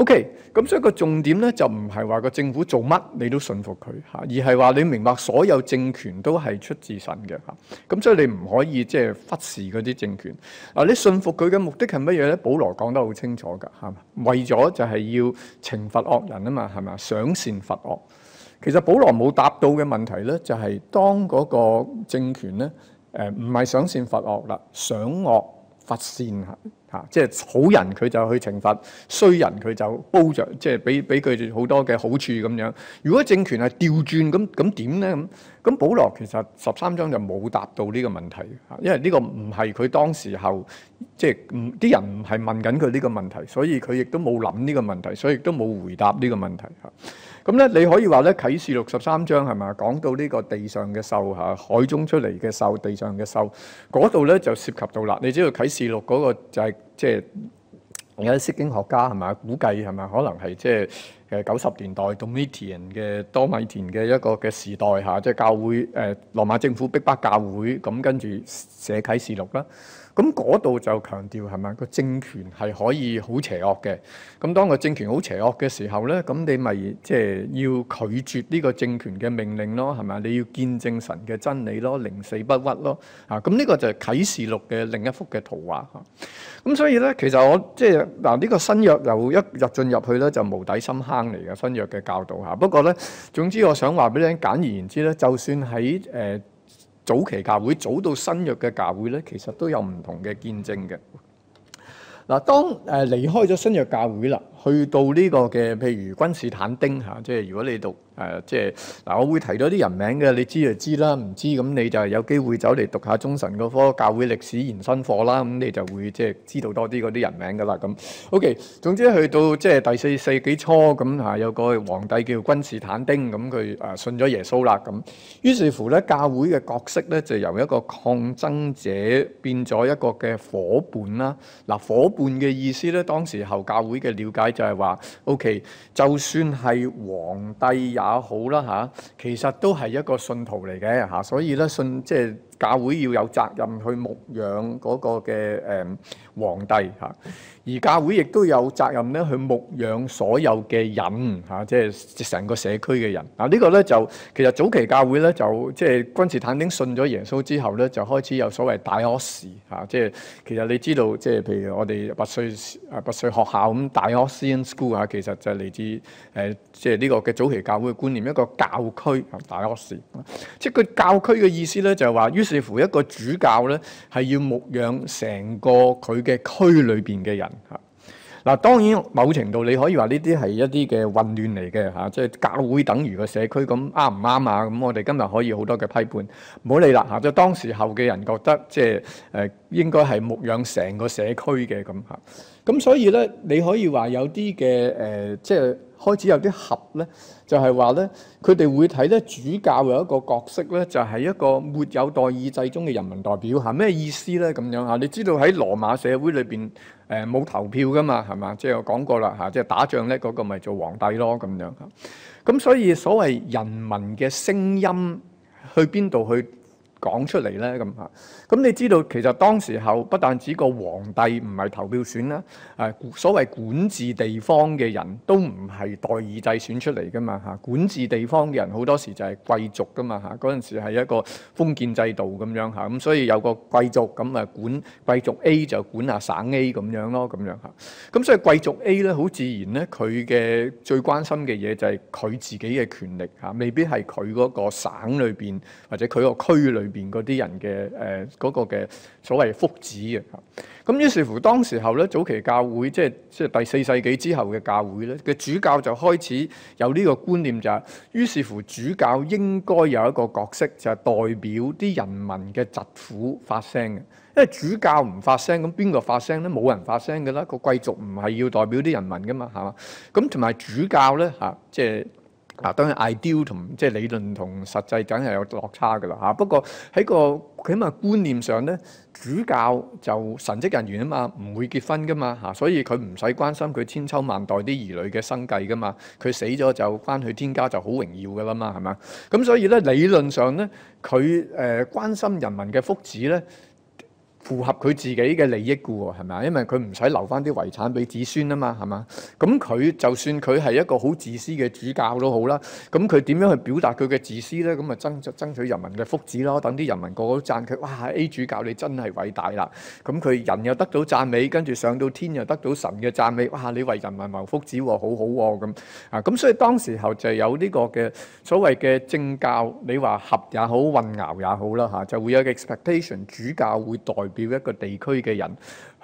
[SPEAKER 2] O.K. 咁所以個重點咧就唔係話個政府做乜你都順服佢吓，而係話你明白所有政權都係出自神嘅吓。咁所以你唔可以即係、就是、忽視嗰啲政權。嗱，你順服佢嘅目的係乜嘢咧？保羅講得好清楚噶吓，為咗就係要懲罰惡人啊嘛，係咪啊？賞善罰惡。其實保羅冇答到嘅問題咧，就係、是、當嗰個政權咧，誒唔係賞善罰惡啦，賞惡。不善啊！吓，即係好人佢就去懲罰，衰人佢就煲着，即係俾俾佢好多嘅好處咁樣。如果政權係調轉咁咁點咧咁？咁保羅其實十三章就冇答到呢個問題吓，因為呢個唔係佢當時候即係唔啲人唔係問緊佢呢個問題，所以佢亦都冇諗呢個問題，所以亦都冇回答呢個問題吓。咁咧，你可以話咧啟示錄十三章係咪，講到呢個地上嘅獸嚇，海中出嚟嘅獸，地上嘅獸，嗰度咧就涉及到啦。你知道啟示錄嗰個就係即係有啲釋經學家係咪？估計係咪？可能係即係。就是誒九十年代 Domitian 嘅多米田嘅一個嘅時代吓，即係教會誒、呃、羅馬政府逼迫教會，咁跟住寫啟示錄啦。咁嗰度就強調係咪、就是、個政權係可以好邪惡嘅？咁當個政權好邪惡嘅時候咧，咁你咪即係要拒絕呢個政權嘅命令咯，係咪你要見證神嘅真理咯，寧死不屈咯。啊，咁呢個就係啟示錄嘅另一幅嘅圖畫。咁所以咧，其實我即係嗱呢個新約又一入進，進入去咧，就無底深坑。嚟嘅新約嘅教導吓，不過咧，總之我想話俾你聽，簡而言之咧，就算喺誒、呃、早期教會，早到新約嘅教會咧，其實都有唔同嘅見證嘅。嗱，當誒、呃、離開咗新約教會啦。去到呢個嘅，譬如君士坦丁嚇，即係如果你讀誒，即係嗱，我會提多啲人名嘅，你知就知啦，唔知咁你就有機會走嚟讀下中神嗰科教會歷史延伸課啦，咁你就會即係知道多啲嗰啲人名㗎啦咁。OK，總之去到即係第四世紀初咁嚇，有個皇帝叫君士坦丁，咁佢誒信咗耶穌啦咁。於是乎咧，教會嘅角色咧就由一個抗爭者變咗一個嘅伙伴啦。嗱，伙伴嘅意思咧，當時候教會嘅了解。就係話 O.K. 就算係皇帝也好啦吓，其實都係一個信徒嚟嘅吓。所以咧，信即係。就是教會要有責任去牧養嗰個嘅誒皇帝嚇，而教會亦都有責任咧去牧養所有嘅人嚇、啊，即係成個社區嘅人。嗱、啊這個、呢個咧就其實早期教會咧就即係、就是、君士坦丁信咗耶穌之後咧就開始有所謂大學士嚇、啊，即係其實你知道即係譬如我哋拔萃誒拔萃學校咁大學士 n school 嚇，其實就係嚟自誒。啊即係呢個嘅早期教會嘅觀念，一個教區係大約是，即係個教區嘅意思咧，就係話，於是乎一個主教咧係要牧養成個佢嘅區裏邊嘅人嚇。嗱，當然某程度你可以話呢啲係一啲嘅混亂嚟嘅嚇，即、啊、係、就是、教會等於個社區咁啱唔啱啊？咁、嗯、我哋今日可以好多嘅批判，唔好理啦嚇。即、啊、係當時候嘅人覺得，即係誒應該係牧養成個社區嘅咁嚇。咁、啊、所以咧，你可以話有啲嘅誒，即、呃、係、就是、開始有啲合咧，就係話咧，佢哋會睇得主教有一個角色咧，就係、是、一個沒有代議制中嘅人民代表係。咩意思咧？咁樣嚇，你知道喺羅馬社會裏邊，誒冇投票㗎嘛，係嘛？即係我講過啦吓，即係打仗咧嗰個咪做皇帝咯咁樣嚇。咁所以所謂人民嘅聲音去邊度去講出嚟咧咁嚇，咁你知道其實當時候不但止個皇帝唔係投票選啦，誒所謂管治地方嘅人都唔係代議制選出嚟噶嘛嚇，管治地方嘅人好多時就係貴族噶嘛嚇，嗰陣時係一個封建制度咁樣嚇，咁所以有個貴族咁啊管貴族 A 就管下省 A 咁樣咯，咁樣嚇，咁所以貴族 A 咧好自然咧，佢嘅最關心嘅嘢就係佢自己嘅權力嚇，未必係佢嗰個省裏邊或者佢個區裏邊嗰啲人嘅，誒、呃嗰個嘅所謂福祉嘅，咁於是乎當時候咧，早期教會即係即係第四世紀之後嘅教會咧，嘅主教就開始有呢個觀念就係、是、於是乎主教應該有一個角色就係代表啲人民嘅疾苦發聲嘅，因為主教唔發聲，咁邊個發聲咧？冇人發聲嘅啦，個貴族唔係要代表啲人民噶嘛，係嘛？咁同埋主教咧吓，即係。嗱、啊，當然 ideal 同即係理論同實際梗係有落差㗎啦嚇。不過喺個起碼觀念上咧，主教就神職人員啊嘛，唔會結婚㗎嘛嚇、啊，所以佢唔使關心佢千秋萬代啲兒女嘅生計㗎嘛。佢死咗就翻去天家就好榮耀㗎啦嘛，係嘛？咁所以咧理論上咧，佢誒、呃、關心人民嘅福祉咧。符合佢自己嘅利益嘅喎，係咪啊？因為佢唔使留翻啲遺產俾子孫啊嘛，係嘛？咁佢就算佢係一個好自私嘅主教都好啦，咁佢點樣去表達佢嘅自私呢？咁啊爭爭取人民嘅福祉咯，等啲人民個個都讚佢，哇！A 主教你真係偉大啦！咁佢人又得到讚美，跟住上到天又得到神嘅讚美，哇！你為人民謀福祉，好好喎咁啊！咁所以當時候就有呢個嘅所謂嘅政教，你話合也好，混淆也好啦嚇、啊，就會有嘅 expectation，主教會代表。要一個地區嘅人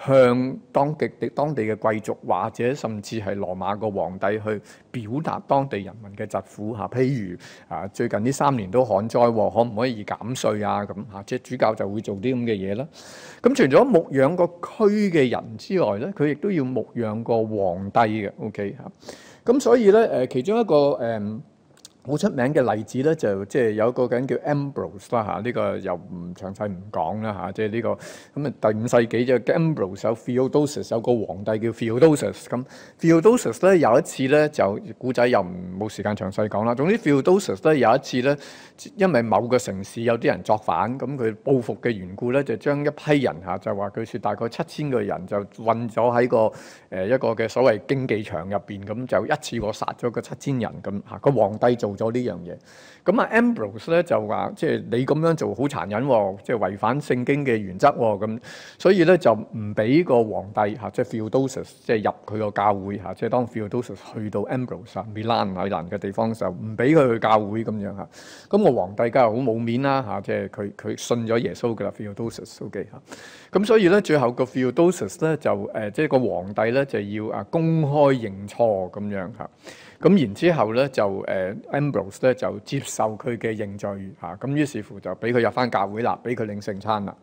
[SPEAKER 2] 向當極地當地嘅貴族，或者甚至係羅馬個皇帝去表達當地人民嘅疾苦嚇，譬、啊、如啊最近呢三年都旱災喎，可唔可以減稅啊咁嚇？即、啊、係、啊、主教就會做啲咁嘅嘢啦。咁、啊啊、除咗牧養個區嘅人之外咧，佢亦都要牧養個皇帝嘅。OK 嚇、啊，咁所以咧誒、呃，其中一個誒。呃好出名嘅例子咧，就即係有一個人叫 Ambrose 啦嚇，呢個又唔詳細唔講啦嚇，即係呢個咁啊第五世紀啫，就係 Ambrose 有 Theodosius, 有個皇帝叫 Theodosius 咁 Theodosius 咧有一次咧就故仔又唔冇時間詳細講啦，總之 Theodosius 咧有一次咧，因為某個城市有啲人作反，咁佢報復嘅緣故咧，就將一批人嚇就話佢説大概七千個人就困咗喺個誒一個嘅所謂競技場入邊，咁就一次過殺咗個七千人咁嚇，個皇帝做。咗呢樣嘢，咁啊 Ambrose 咧就話：即係你咁樣做好殘忍，即係違反聖經嘅原則咁、嗯，所以咧就唔俾個皇帝嚇即係 Philodoses 即係入佢個教會嚇，即係當 Philodoses 去到 Ambrose Milan 那嘅地方嘅時候，唔俾佢去教會咁樣嚇。咁個皇帝梗係好冇面啦嚇，即係佢佢信咗耶穌嘅啦 Philodoses 都記嚇。咁所以咧最後個 Philodoses 咧就誒，即係個皇帝咧就要啊公開認錯咁樣嚇。咁然之後咧就誒 Ambrose 咧就接受佢嘅認罪嚇，咁於是乎就俾佢入翻教會啦，俾佢領聖餐啦。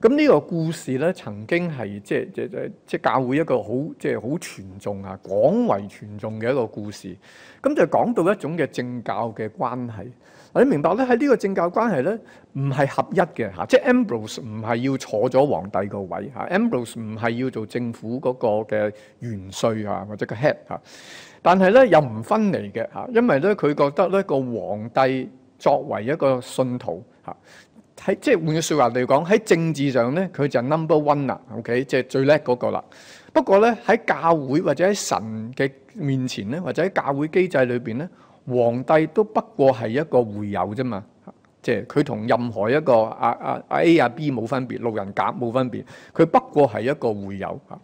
[SPEAKER 2] 咁、這、呢個故事咧曾經係即係即係即係教會一個好即係好傳頌啊、廣為傳頌嘅一個故事。咁就講到一種嘅政教嘅關係。你明白咧？喺呢個政教關係咧，唔係合一嘅嚇。即係 Ambrose 唔係要坐咗皇帝個位嚇，Ambrose 唔係要做政府嗰個嘅元帥啊或者個 head 嚇。但係咧又唔分離嘅嚇，因為咧佢覺得咧個皇帝作為一個信徒嚇，喺即係換句説話嚟講喺政治上咧佢就係 number one 啦，OK 即係最叻嗰個啦。不過咧喺教會或者喺神嘅面前咧，或者喺教會機制裏邊咧，皇帝都不過係一個會友啫嘛。即係佢同任何一個啊啊 A 啊 B 冇分別，路人甲冇分別，佢不過係一個會友吓。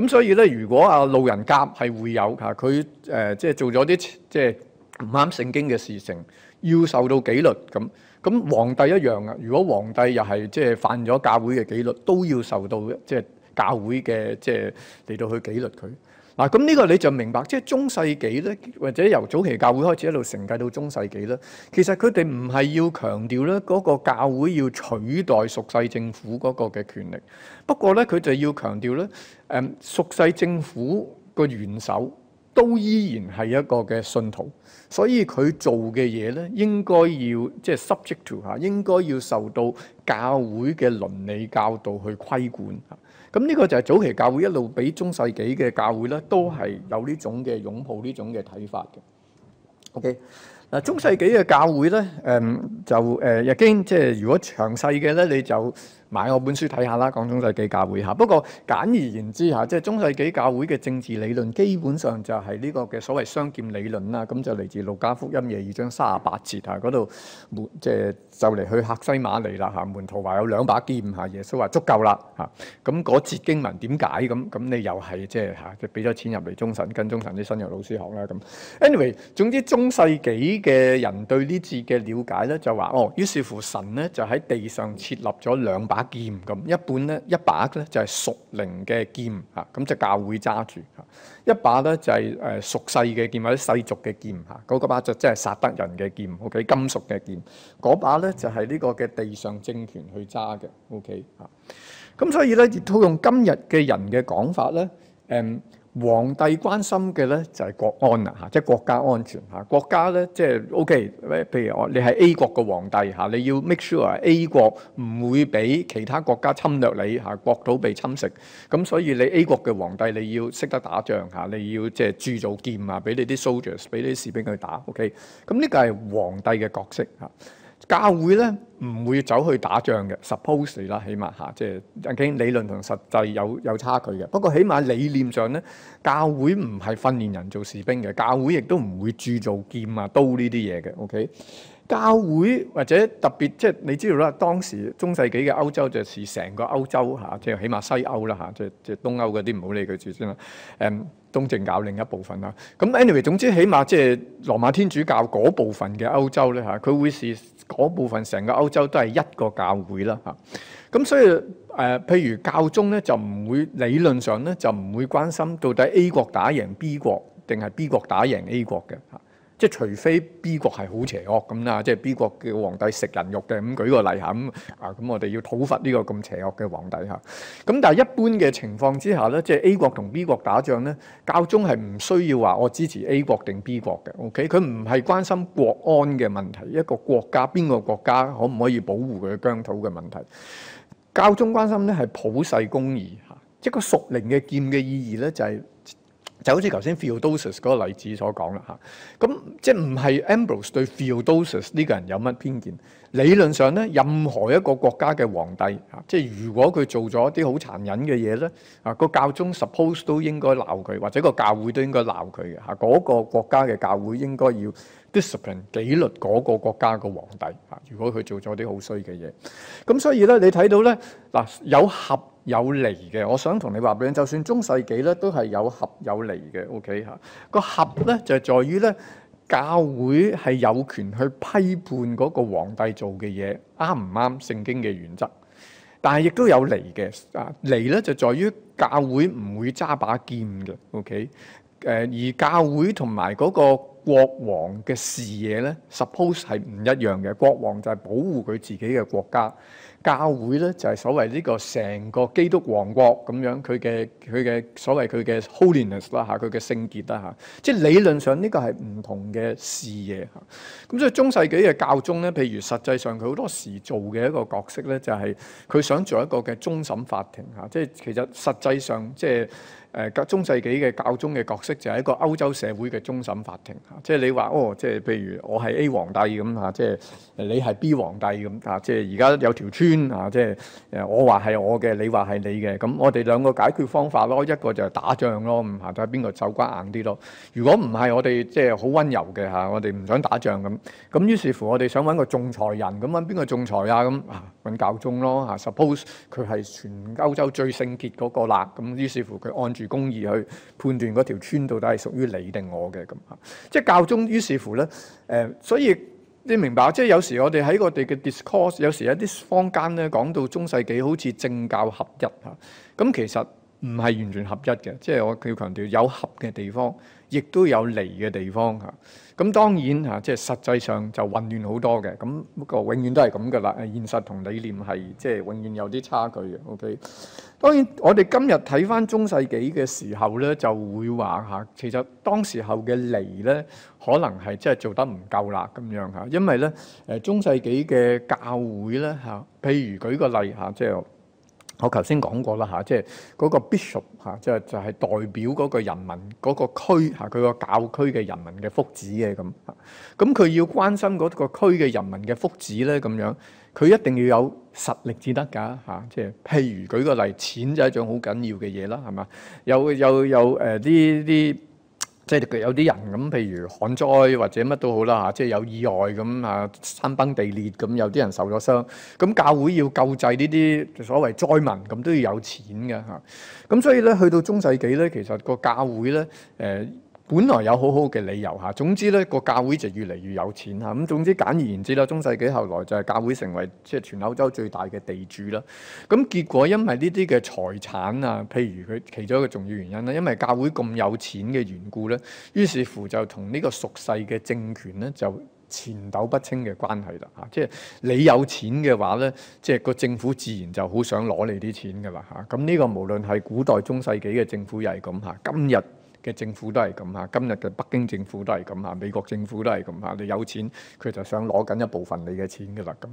[SPEAKER 2] 咁所以咧，如果啊路人甲係會友吓，佢誒、呃、即係做咗啲即係唔啱聖經嘅事情，要受到紀律咁。咁皇帝一樣啊，如果皇帝又係即係犯咗教會嘅紀律，都要受到即係教會嘅即係嚟到去紀律佢。嗱，咁呢、啊這個你就明白，即係中世紀咧，或者由早期教會開始一路承繼到中世紀咧，其實佢哋唔係要強調咧嗰個教會要取代屬世政府嗰個嘅權力，不過咧佢就要強調咧，誒、嗯、屬世政府個元首都依然係一個嘅信徒，所以佢做嘅嘢咧應該要即係 subject to 吓，應該要，要受到教會嘅倫理教導去規管。咁呢個就係早期教會一路俾中世紀嘅教會咧，都係有呢種嘅擁抱呢種嘅睇法嘅。OK，嗱中世紀嘅教會咧，誒、嗯、就誒已經即係如果詳細嘅咧，你就。買我本書睇下啦，講中世紀教會嚇。不過簡而言之嚇，即係中世紀教會嘅政治理論基本上就係呢個嘅所謂雙劍理論啦。咁就嚟自路加福音廿二章三十八節嚇，嗰度門即係就嚟去客西馬尼啦嚇。門徒話有兩把劍嚇，耶穌話足夠啦嚇。咁嗰節經文點解咁？咁你又係即係嚇，即俾咗錢入嚟中神跟中神啲新約老師學啦咁。Anyway，總之中世紀嘅人對呢節嘅了解咧就話哦，於是乎神咧就喺地上設立咗兩把劍咁，一半咧一把咧就係屬靈嘅劍，吓咁就教會揸住，一把咧就係誒屬世嘅劍或者世俗嘅劍，吓嗰把就真係殺得人嘅劍，OK 金屬嘅劍，嗰把咧就係、是、呢個嘅地上政權去揸嘅，OK 吓。咁所以咧，套用今日嘅人嘅講法咧，誒、嗯。皇帝關心嘅咧就係國安啦嚇，即係國家安全嚇。國家咧即係 O K，譬如我你係 A 國嘅皇帝嚇，你要 make sure 啊 A 國唔會俾其他國家侵略你嚇，國土被侵蝕。咁所以你 A 國嘅皇帝你要識得打仗嚇，你要即係鑄造劍啊，俾你啲 soldiers，俾你啲士兵去打 O K。咁呢個係皇帝嘅角色嚇。教會咧唔會走去打仗嘅，suppose 啦，起碼嚇，即係已經理論同實際有有差距嘅。不過起碼理念上咧，教會唔係訓練人做士兵嘅，教會亦都唔會鑄造劍啊刀呢啲嘢嘅。OK，教會或者特別即係你知道啦，當時中世紀嘅歐洲就是成個歐洲嚇，即係起碼西歐啦嚇，即係即係東歐嗰啲唔好理佢住先啦。誒，東正教另一部分啦。咁 anyway，總之起碼即係羅馬天主教嗰部分嘅歐洲咧嚇，佢會是。嗰部分成個歐洲都係一個教會啦吓，咁所以誒、呃、譬如教宗咧就唔會理論上咧就唔會關心到底 A 國打贏 B 國定係 B 國打贏 A 國嘅嚇。即係除非 B 國係好邪惡咁啦，即係 B 國嘅皇帝食人肉嘅咁，舉個例嚇咁，啊咁我哋要討伐呢個咁邪惡嘅皇帝嚇。咁但係一般嘅情況之下咧，即係 A 國同 B 國打仗咧，教宗係唔需要話我支持 A 國定 B 國嘅，OK？佢唔係關心國安嘅問題，一個國家邊個國家可唔可以保護佢嘅疆土嘅問題。教宗關心咧係普世公義嚇，一個屬靈嘅劍嘅意義咧就係。就好似頭先 Theodosius 嗰個例子所講啦嚇，咁即係唔係 Ambrose 對 Theodosius 呢個人有乜偏見？理論上咧，任何一個國家嘅皇帝嚇，即係如果佢做咗啲好殘忍嘅嘢咧，啊個教宗 suppose 都應該鬧佢，或者個教會都應該鬧佢嘅嚇。嗰個國家嘅教會應該要 discipline 紀律嗰個國家嘅皇帝嚇。如果佢做咗啲好衰嘅嘢，咁所以咧你睇到咧嗱有合。有離嘅，我想同你話俾你，就算中世紀咧，都係有合有離嘅，OK 吓。個合咧就係在於咧，教會係有權去批判嗰個皇帝做嘅嘢啱唔啱聖經嘅原則，但係亦都有離嘅。啊，離咧就在於教會唔會揸把劍嘅，OK、呃。誒，而教會同埋嗰個國王嘅視野咧，suppose 係唔一樣嘅。國王就係保護佢自己嘅國家。教會咧就係所謂呢個成個基督王國咁樣，佢嘅佢嘅所謂佢嘅 holiness 啦吓，佢嘅聖潔啦吓，即係理論上呢個係唔同嘅視野吓。咁所以中世紀嘅教宗咧，譬如實際上佢好多時做嘅一個角色咧，就係、是、佢想做一個嘅終審法庭吓。即係其實實際上即係。誒中世紀嘅教宗嘅角色就係一個歐洲社會嘅終審法庭嚇，即係你話哦，即係譬如我係 A 皇帝咁嚇，即係你係 B 皇帝咁嚇，即係而家有條村嚇，即係誒我話係我嘅，你話係你嘅，咁我哋兩個解決方法咯，一個就係打仗咯咁嚇，睇邊個手瓜硬啲咯。如果唔係我哋即係好溫柔嘅嚇，我哋唔想打仗咁，咁於是乎我哋想揾個仲裁人，咁揾邊個仲裁啊咁啊？教宗咯 suppose 佢係全歐洲最聖潔嗰個喇，咁於是乎佢按住公義去判斷嗰條村到底係屬於你定我嘅咁嚇，即係教宗於是乎咧誒、呃，所以你明白即係有時我哋喺我哋嘅 discourse，有時一啲坊間咧講到中世紀好似政教合一嚇，咁、啊、其實唔係完全合一嘅，即係我要強調有合嘅地方，亦都有離嘅地方嚇。啊咁當然嚇，即係實際上就混亂好多嘅。咁不過永遠都係咁㗎啦。現實同理念係即係永遠有啲差距嘅。OK，當然我哋今日睇翻中世紀嘅時候咧，就會話嚇，其實當時候嘅離咧，可能係即係做得唔夠啦咁樣嚇，因為咧誒中世紀嘅教會咧嚇，譬如舉個例嚇，即係。我頭先講過啦嚇，即係嗰個 bishop 即、啊、就係、就係代表嗰個人民嗰、嗰個區佢個教區嘅人民嘅福祉嘅咁。咁、啊、佢要關心嗰個區嘅人民嘅福祉咧，咁樣佢一定要有實力至得㗎嚇。即、啊、係、就是、譬如舉個例，錢就係一種好緊要嘅嘢啦，係嘛？有有有誒啲啲。呃即係有啲人咁，譬如旱災或者乜都好啦，即係有意外咁啊，山崩地裂咁，有啲人受咗傷，咁教會要救濟呢啲所謂災民咁都要有錢嘅嚇，咁所以咧去到中世紀咧，其實個教會咧誒。呃本來有好好嘅理由嚇，總之咧個教會就越嚟越有錢嚇，咁總之簡而言之啦，中世紀後來就係教會成為即係全歐洲最大嘅地主啦。咁結果因為呢啲嘅財產啊，譬如佢其中一個重要原因咧，因為教會咁有錢嘅緣故咧，於是乎就同呢個俗世嘅政權咧就纏鬥不清嘅關係啦嚇。即係你有錢嘅話咧，即係個政府自然就好想攞你啲錢噶啦嚇。咁、這、呢個無論係古代中世紀嘅政府又係咁嚇，今日嘅政府都係咁嚇，今日嘅北京政府都係咁嚇，美國政府都係咁嚇。你有錢，佢就想攞緊一部分你嘅錢㗎啦。咁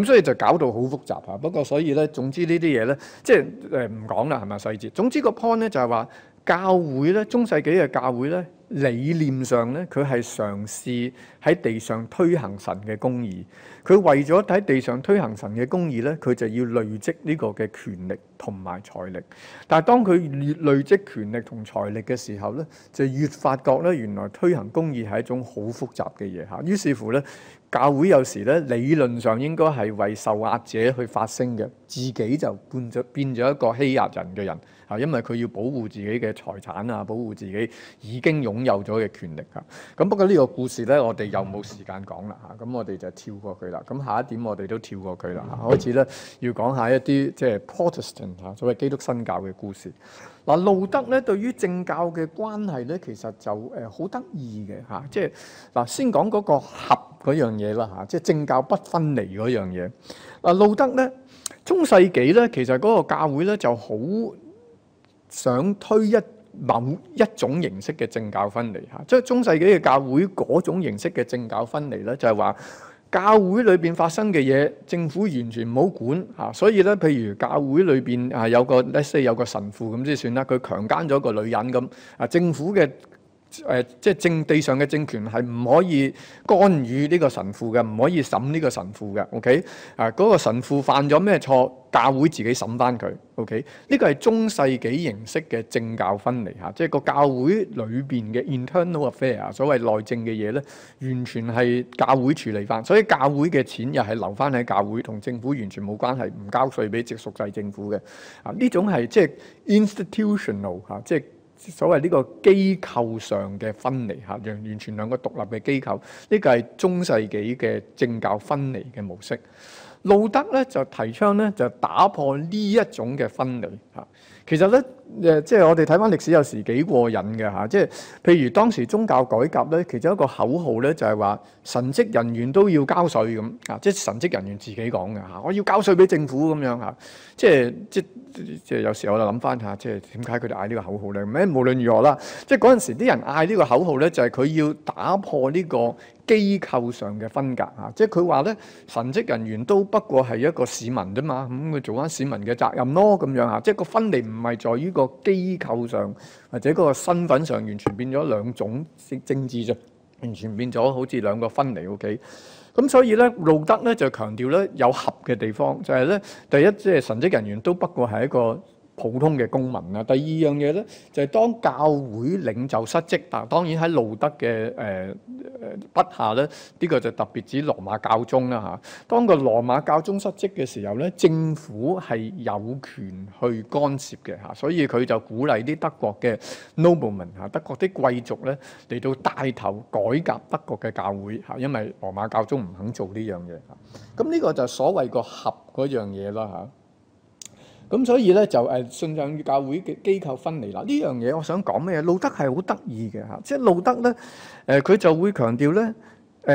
[SPEAKER 2] 咁所以就搞到好複雜啊。不過所以咧，總之呢啲嘢咧，即係誒，唔講啦，係咪啊，細節。總之個 point 咧就係話。教會咧，中世紀嘅教會咧，理念上咧，佢係嘗試喺地上推行神嘅公義。佢為咗喺地上推行神嘅公義咧，佢就要累積呢個嘅權力同埋財力。但係當佢越累積權力同財力嘅時候咧，就越發覺咧，原來推行公義係一種好複雜嘅嘢嚇。於是乎咧，教會有時咧，理論上應該係為受壓者去發聲嘅，自己就變咗變咗一個欺壓人嘅人。嚇，因為佢要保護自己嘅財產啊，保護自己已經擁有咗嘅權力啊。咁不過呢個故事咧，我哋又冇時間講啦嚇。咁我哋就跳過佢啦。咁下一點我哋都跳過佢啦嚇。開始咧要講下一啲即係 Protestant 嚇，所謂基督新教嘅故事。嗱、啊，路德咧對於政教嘅關係咧，其實就誒好得意嘅嚇，即係嗱、啊、先講嗰個合嗰樣嘢啦嚇，即係政教不分離嗰樣嘢。嗱、啊，路德咧中世紀咧，其實嗰個教會咧就好，想推一某一種形式嘅政教分離嚇，即係中世紀嘅教會嗰種形式嘅政教分離咧，就係話教會裏邊發生嘅嘢，政府完全唔好管嚇。啊，所以咧，譬如教會裏邊啊有個，let say 有個神父咁，先算啦，佢強姦咗個女人咁啊，政府嘅。誒、呃，即係政地上嘅政權係唔可以干預呢個神父嘅，唔可以審呢個神父嘅，OK？啊，嗰、那個神父犯咗咩錯？教會自己審翻佢，OK？呢個係中世紀形式嘅政教分離嚇、啊，即係個教會裏邊嘅 internal affair 啊，所謂內政嘅嘢咧，完全係教會處理翻，所以教會嘅錢又係留翻喺教會，同政府完全冇關係，唔交稅俾直屬制政府嘅。啊，呢種係即係 institutional 嚇，即係、啊。即所謂呢個機構上嘅分離嚇，完完全兩個獨立嘅機構，呢個係中世紀嘅政教分離嘅模式。路德咧就提倡咧就打破呢一種嘅分離嚇，其實咧誒即係我哋睇翻歷史有時幾過癮嘅嚇，即係譬如當時宗教改革咧，其中一個口號咧就係話神職人員都要交稅咁啊，即係神職人員自己講嘅嚇，我要交稅俾政府咁樣嚇，即係即即係有時我就諗翻下，即係點解佢哋嗌呢個口號咧？咩無論如何啦，即係嗰陣時啲人嗌呢個口號咧，就係佢要打破呢個。機構上嘅分隔嚇，即係佢話咧，神職人員都不過係一個市民啫嘛，咁、嗯、佢做翻市民嘅責任咯，咁樣嚇，即係個分離唔係在於個機構上或者個身份上完，完全變咗兩種政治啫，完全變咗好似兩個分離屋企。咁、okay? 所以咧路德咧就強調咧有合嘅地方就係、是、咧第一即係神職人員都不過係一個普通嘅公民啦。第二樣嘢咧，就係、是、當教會領袖失職啊，當然喺路德嘅誒誒筆下咧，呢、這個就特別指羅馬教宗啦吓、啊，當個羅馬教宗失職嘅時候咧，政府係有權去干涉嘅吓、啊，所以佢就鼓勵啲德國嘅 noblemen 吓、啊、德國啲貴族咧嚟到帶頭改革德國嘅教會吓、啊，因為羅馬教宗唔肯做呢樣嘢吓，咁、啊、呢個就所謂個合嗰樣嘢啦吓。啊啊咁所以咧就誒信仰與教會嘅機構分離啦。呢樣嘢我想講咩啊？路德係好得意嘅嚇，即係路德咧誒，佢就會強調咧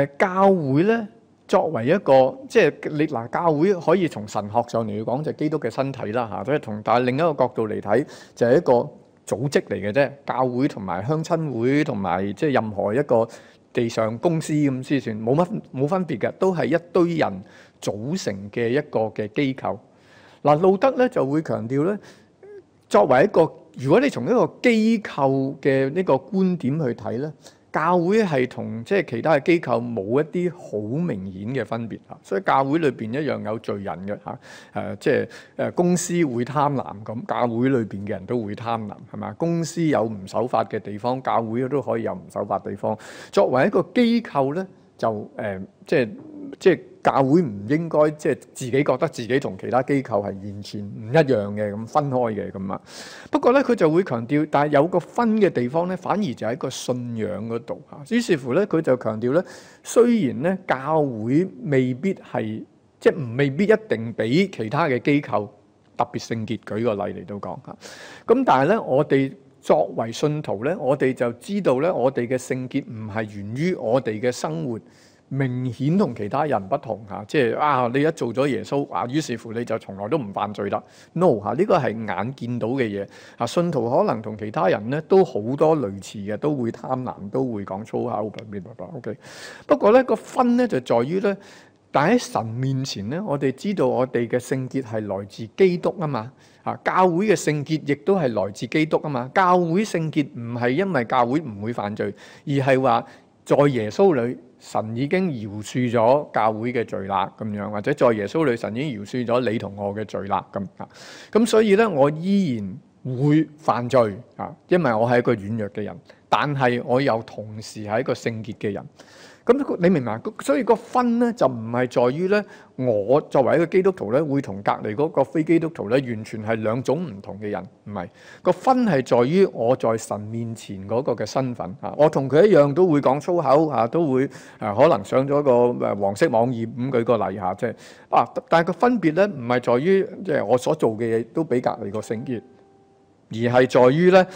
[SPEAKER 2] 誒，教會咧作為一個即係你嗱，教會可以從神學上嚟講就係基督嘅身體啦嚇，即係同但係另一個角度嚟睇就係一個組織嚟嘅啫。教會同埋鄉親會同埋即係任何一個地上公司咁先算，冇乜冇分別嘅，都係一堆人組成嘅一個嘅機構。嗱，路德咧就會強調咧，作為一個，如果你從一個機構嘅呢個觀點去睇咧，教會係同即係、即係、其他嘅機構冇一啲好明顯嘅分別嚇，所以教會裏邊一樣有罪人嘅嚇，誒即係誒公司會貪婪咁，教會裏邊嘅人都會貪婪，係嘛？公司有唔守法嘅地方，教會都可以有唔守法地方。作為一個機構咧，就誒即係即係。誒即係即係教會唔應該即係自己覺得自己同其他機構係完全唔一樣嘅咁分開嘅咁啊。不過咧，佢就會強調，但係有個分嘅地方咧，反而就喺個信仰嗰度嚇。於是乎咧，佢就強調咧，雖然咧教會未必係即係未必一定比其他嘅機構特別聖潔，舉個例嚟到講嚇。咁但係咧，我哋作為信徒咧，我哋就知道咧，我哋嘅聖潔唔係源於我哋嘅生活。明顯同其他人不同嚇，即係啊！你一做咗耶穌啊，於是乎你就從來都唔犯罪啦。No 嚇、啊，呢、這個係眼見到嘅嘢嚇。信徒可能同其他人咧都好多類似嘅，都會貪婪，都會講粗口。OK，、嗯嗯嗯、不過咧個分咧就在於咧，但喺神面前咧，我哋知道我哋嘅聖潔係來自基督嘛啊嘛嚇。教會嘅聖潔亦都係來自基督啊嘛。教會聖潔唔係因為教會唔會犯罪，而係話在耶穌裏。神已經饒恕咗教會嘅罪啦，咁樣或者在耶穌裏，神已經饒恕咗你同我嘅罪啦，咁啊，咁所以咧，我依然會犯罪啊，因為我係一個軟弱嘅人，但係我又同時係一個聖潔嘅人。咁你明白？所以個分咧就唔係在於咧，我作為一個基督徒咧，會同隔籬嗰個非基督徒咧，完全係兩種唔同嘅人，唔係，個分係在於我在神面前嗰個嘅身份啊。我同佢一樣都會講粗口啊，都會誒可能上咗個黃色網頁咁。舉個例嚇，即係啊，但係個分別咧，唔係在於即係我所做嘅嘢都比隔籬個聖潔，而係在於咧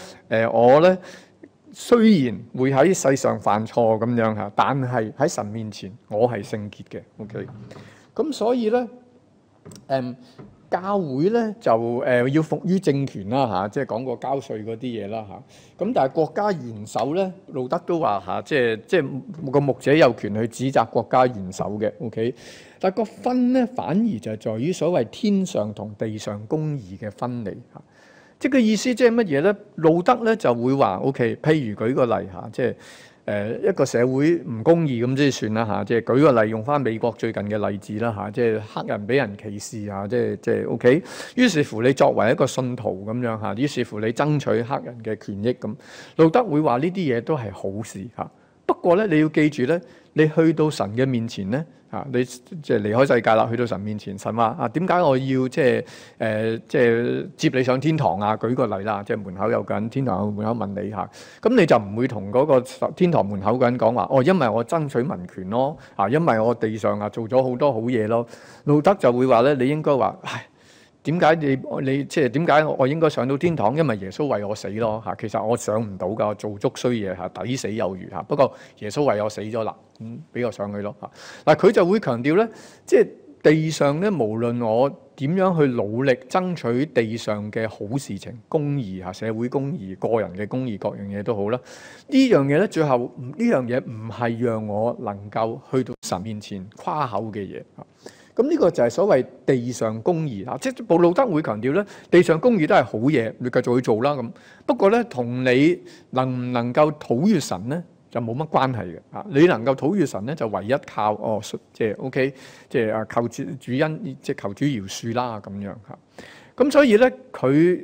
[SPEAKER 2] 誒我咧。雖然會喺世上犯錯咁樣嚇，但係喺神面前，我係聖潔嘅。OK，咁所以咧，誒教會咧就誒要服於政權啦嚇，即係講過交稅嗰啲嘢啦嚇。咁但係國家元首咧，路德都話嚇，即係即係個牧者有權去指責國家元首嘅。OK，但個分咧反而就係在於所謂天上同地上公義嘅分離嚇。即個意思即係乜嘢咧？路德咧就會話 OK，譬如舉個例嚇，即係誒一個社會唔公義咁先算啦嚇。即係舉個例用翻美國最近嘅例子啦嚇，即係黑人俾人歧視呀，即係即係 OK。於是乎你作為一個信徒咁樣嚇，於是乎你爭取黑人嘅權益咁，路德會話呢啲嘢都係好事嚇。不過咧，你要記住咧，你去到神嘅面前咧。啊！你即係離開世界啦，去到神面前，神話，啊，點解我要即係誒即係接你上天堂啊？舉個例啦，即係門口有個人，天堂有門口問你嚇，咁你就唔會同嗰個天堂門口嗰人講話，哦，因為我爭取民權咯，啊，因為我地上啊做咗好多好嘢咯，路德就會話咧，你應該話。唉點解你你即係點解我應該上到天堂？因為耶穌為我死咯嚇，其實我上唔到噶，做足衰嘢嚇，抵死有餘嚇。不過耶穌為我死咗啦，嗯，俾我上去咯嚇。嗱，佢就會強調咧，即係地上咧，無論我點樣去努力爭取地上嘅好事情、公義嚇、社會公義、個人嘅公義，各樣嘢都好啦。呢樣嘢咧，最後呢樣嘢唔係讓我能夠去到神面前誇口嘅嘢嚇。咁呢個就係所謂地上公義啊！即係布魯德會強調咧，地上公義都係好嘢，你繼續去做啦咁。不過咧，同你能唔能夠討悦神咧，就冇乜關係嘅啊！你能夠討悦神咧，就唯一靠哦，即係 OK，即係啊，求主主恩，即係求主饒恕啦咁樣嚇。咁所以咧，佢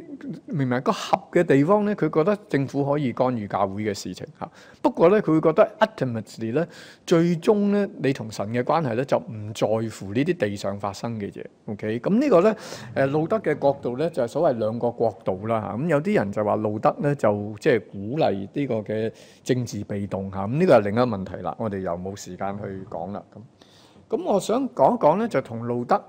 [SPEAKER 2] 明明個合嘅地方咧，佢覺得政府可以干預教會嘅事情嚇。不過咧，佢會覺得 ultimately 咧，最終咧，你同神嘅關係咧就唔在乎呢啲地上發生嘅嘢。OK，咁呢個咧，誒路德嘅角度咧就係，是、所謂兩個國度啦嚇。咁、嗯、有啲人就話路德咧就即係鼓勵呢個嘅政治被動嚇。咁、嗯、呢、這個係另一個問題啦，我哋又冇時間去講啦。咁，咁我想講一講咧，就同路德。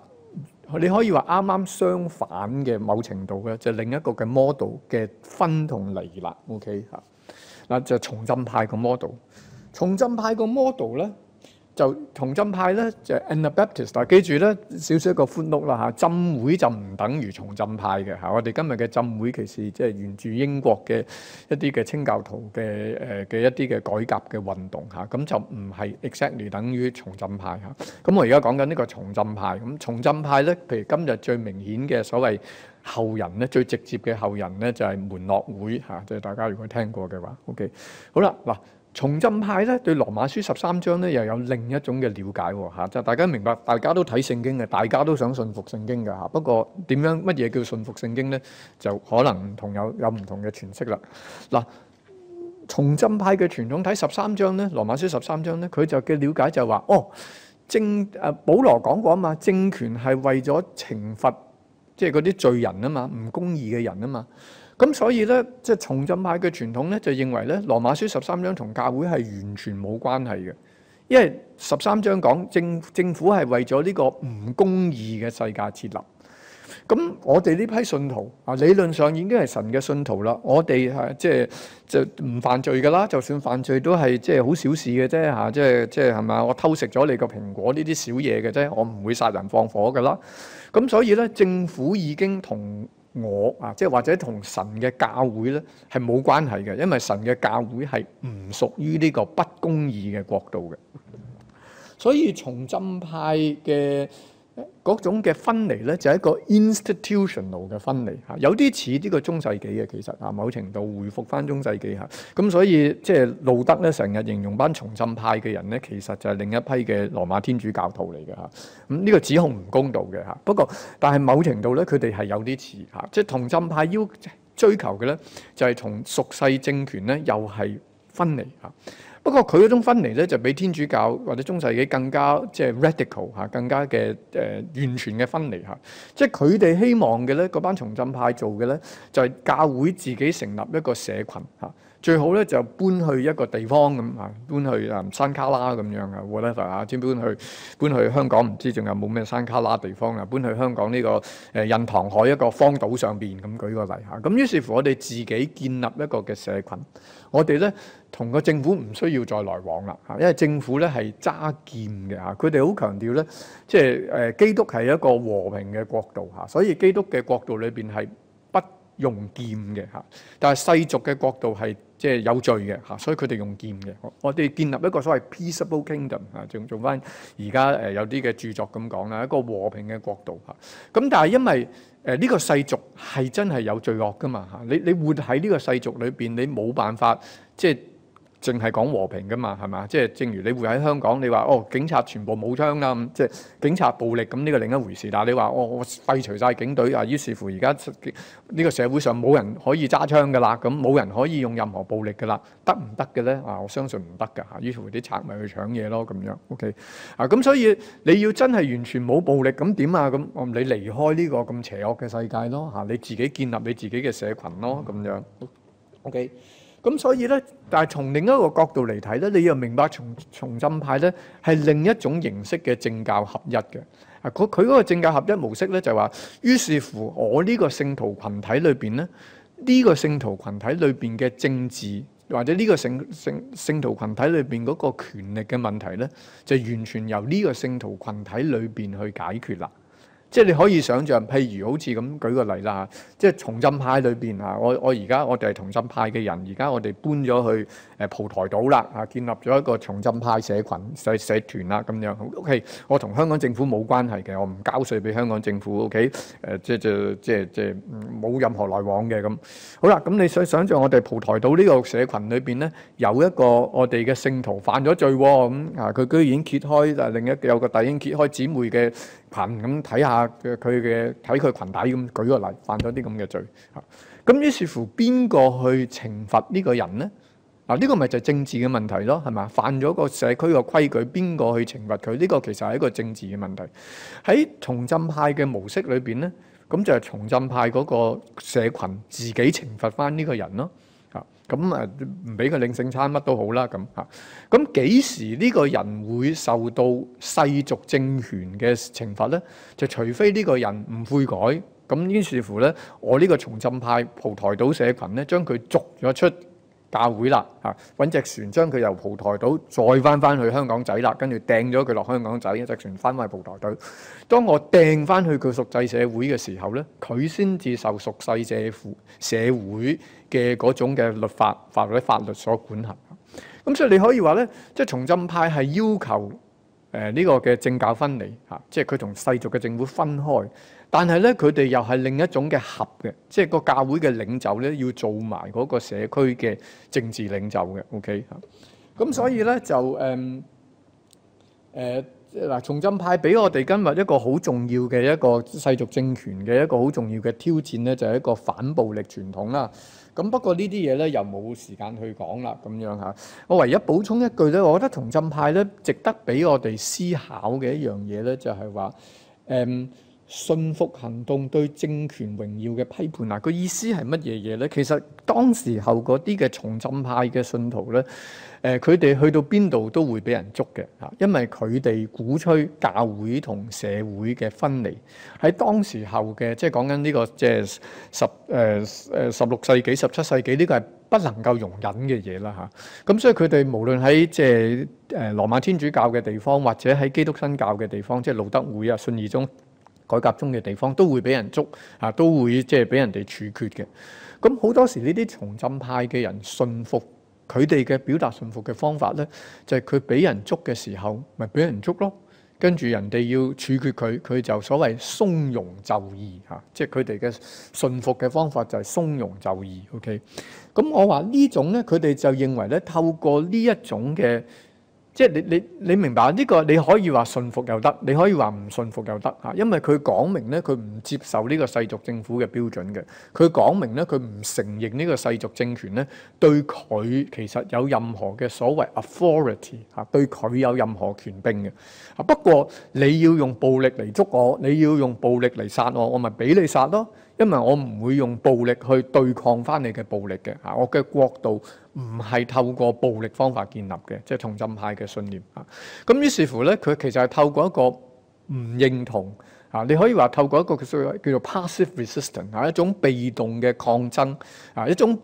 [SPEAKER 2] 你可以話啱啱相反嘅，某程度咧，就係、另一個嘅 model 嘅分同離啦，OK 吓。嗱就重浸派個 model，重浸派個 model 咧。就重浸派咧就係 Anabaptist 啊，記住咧少少一個寬度啦嚇，浸會就唔等於重浸派嘅嚇。我哋今日嘅浸會其實即係源自英國嘅一啲嘅清教徒嘅誒嘅一啲嘅改革嘅運動嚇，咁就唔係 exactly 等於重浸派嚇。咁我而家講緊呢個重浸派，咁重浸派咧，譬如今日最明顯嘅所謂後人咧，最直接嘅後人咧就係門諾會嚇，即係大家如果聽過嘅話，OK，好啦嗱。重振派咧對羅馬書十三章咧又有另一種嘅了解喎嚇，就大家明白，大家都睇聖經嘅，大家都想信服聖經嘅嚇。不過點樣乜嘢叫信服聖經咧，就可能唔同有有唔同嘅詮釋啦。嗱，重振派嘅傳統睇十三章咧，羅馬書十三章咧，佢就嘅了解就係話，哦，政啊，保羅講過啊嘛，政權係為咗懲罰即係嗰啲罪人啊嘛，唔公義嘅人啊嘛。咁所以咧，即係重浸派嘅傳統咧，就認為咧，《羅馬書》十三章同教會係完全冇關係嘅，因為十三章講政政府係為咗呢個唔公義嘅世界設立。咁我哋呢批信徒啊，理論上已經係神嘅信徒啦。我哋係即係就唔犯罪嘅啦。就算犯罪都係即係好小事嘅啫嚇。即係即係係咪我偷食咗你個蘋果呢啲小嘢嘅啫。我唔會殺人放火嘅啦。咁所以咧，政府已經同我啊，即係或者同神嘅教會咧係冇關係嘅，因為神嘅教會係唔屬於呢個不公義嘅國度嘅， 所以崇真派嘅。嗰種嘅分離咧，就係一個 institutional 嘅分離嚇，有啲似呢個中世紀嘅其實嚇，某程度回復翻中世紀嚇，咁所以即係、就是、路德咧，成日形容班重浸派嘅人咧，其實就係另一批嘅羅馬天主教徒嚟嘅嚇，咁、這、呢個指控唔公道嘅嚇，不過但係某程度咧，佢哋係有啲似嚇，即係重浸派要追求嘅咧，就係同俗世政權咧又係分離嚇。不過佢嗰種分離咧，就比天主教或者中世紀更加即係 radical 嚇，更加嘅誒、呃、完全嘅分離嚇。即係佢哋希望嘅咧，嗰班重振派做嘅咧，就係教會自己成立一個社群嚇。最好咧就搬去一個地方咁啊，搬去啊山卡拉咁樣啊，whatever 啊，搬去搬去香港，唔知仲有冇咩山卡拉地方啊？搬去香港呢、這個誒、呃、印塘海一個荒島上邊咁舉個例嚇。咁、啊、於是乎我哋自己建立一個嘅社群，我哋咧同個政府唔需要再來往啦嚇，因為政府咧係揸劍嘅嚇，佢哋好強調咧，即係誒、呃、基督係一個和平嘅國度嚇、啊，所以基督嘅國度裏邊係不用劍嘅嚇、啊，但係世俗嘅國度係。即係有罪嘅嚇，所以佢哋用劍嘅。我哋建立一個所謂 peaceable kingdom 嚇，仲做翻而家誒有啲嘅著作咁講啦，一個和平嘅國度嚇。咁但係因為誒呢個世俗係真係有罪惡噶嘛嚇，你你活喺呢個世俗裏邊，你冇辦法即係。淨係講和平噶嘛，係嘛？即係正如你會喺香港，你話哦，警察全部冇槍啦，即係警察暴力，咁呢個另一回事。但係你話哦，我廢除晒警隊啊，於是乎而家呢個社會上冇人可以揸槍噶啦，咁冇人可以用任何暴力噶啦，得唔得嘅咧？啊，我相信唔得㗎。啊，於是乎啲賊咪去搶嘢咯，咁樣。O、okay、K。啊，咁所以你要真係完全冇暴力，咁點啊？咁我你離開呢個咁邪惡嘅世界咯，嚇、啊、你自己建立你自己嘅社群咯，咁樣。O K。咁所以咧，但係從另一個角度嚟睇咧，你又明白從從浸派咧係另一種形式嘅政教合一嘅。啊，佢佢嗰個政教合一模式咧就係話，於是乎我呢個聖徒群體裏邊咧，呢個聖徒群體裏邊嘅政治或者呢個聖聖聖徒群體裏邊嗰個權力嘅問題咧，就完全由呢個聖徒群體裏邊去解決啦。即係你可以想像，譬如好似咁舉個例啦嚇，即係重浸派裏邊啊。我我而家我哋係重浸派嘅人，而家我哋搬咗去誒蒲台島啦嚇，建立咗一個重浸派社群社社團啦咁樣。O、OK, K，我同香港政府冇關係嘅，我唔交稅俾香港政府。O K，誒即係即係即係冇任何來往嘅咁。好啦，咁你想想像我哋蒲台島呢個社群裏邊咧，有一個我哋嘅聖徒犯咗罪咁啊，佢、嗯啊、居然揭開就另一有個弟兄揭開姊妹嘅。群咁睇下佢佢嘅睇佢裙底咁，舉個例犯咗啲咁嘅罪嚇，咁於是乎邊個去懲罰呢個人咧？嗱、這、呢個咪就係政治嘅問題咯，係咪？犯咗個社區嘅規矩，邊個去懲罰佢？呢、這個其實係一個政治嘅問題。喺重浸派嘅模式裏邊咧，咁就係重浸派嗰個社群自己懲罰翻呢個人咯。啊，咁啊，唔俾佢領聖餐乜都好啦，咁啊，咁、嗯、幾、嗯、時呢個人會受到世俗政權嘅懲罰咧？就除非呢個人唔悔改，咁於是乎咧，我呢個重浸派蒲台島社群咧，將佢逐咗出教會啦，嚇，揾隻船將佢由蒲台島再翻翻去香港仔啦，跟住掟咗佢落香港仔，隻船翻返去蒲台島。當我掟翻去佢俗世社會嘅時候咧，佢先至受俗世社社會嘅嗰種嘅律法法律法律所管轄。咁所以你可以話咧，即係重浸派係要求誒呢、呃這個嘅政教分離嚇、啊，即係佢同世俗嘅政府分開。但係咧，佢哋又係另一種嘅合嘅，即係個教會嘅領袖咧要做埋嗰個社區嘅政治領袖嘅。OK 嚇、嗯，咁所以咧就誒誒嗱，重、嗯、浸、呃、派俾我哋今日一個好重要嘅一個世俗政權嘅一個好重要嘅挑戰咧，就係、是、一個反暴力傳統啦。咁不過呢啲嘢咧又冇時間去講啦。咁樣嚇，我唯一補充一句咧，我覺得同浸派咧值得俾我哋思考嘅一樣嘢咧，就係話誒。嗯信服行動對政權榮耀嘅批判啊！個意思係乜嘢嘢咧？其實當時候嗰啲嘅重浸派嘅信徒咧，誒佢哋去到邊度都會俾人捉嘅嚇，因為佢哋鼓吹教會同社會嘅分離，喺當時候嘅即係講緊呢個即係十誒誒、呃、十六世紀、十七世紀呢，個係不能夠容忍嘅嘢啦嚇。咁、呃、所以佢哋無論喺即係誒羅馬天主教嘅地方，或者喺基督新教嘅地方，即係路德會啊、信義宗。改革中嘅地方都會俾人捉啊，都會即係俾人哋、就是、處決嘅。咁好多時呢啲重浸派嘅人信服，佢哋嘅表達信服嘅方法咧，就係佢俾人捉嘅時候，咪俾人捉咯。跟住人哋要處決佢，佢就所謂從容就義嚇，即係佢哋嘅信服嘅方法就係從容就義。OK，咁我話呢種咧，佢哋就認為咧，透過呢一種嘅。即係你你你明白呢個？你可以話信服又得，你可以話唔信服又得嚇。因為佢講明咧，佢唔接受呢個世俗政府嘅標準嘅。佢講明咧，佢唔承認呢個世俗政權咧對佢其實有任何嘅所謂 authority 嚇，對佢有任何權柄嘅。啊，不過你要用暴力嚟捉我，你要用暴力嚟殺我，我咪俾你殺咯。因為我唔會用暴力去對抗翻你嘅暴力嘅嚇。我嘅國度。唔係透過暴力方法建立嘅，即係同浸派嘅信念啊。咁於是乎咧，佢其實係透過一個唔認同啊。你可以話透過一個叫做 passive resistance 啊，一種被動嘅抗爭啊，一種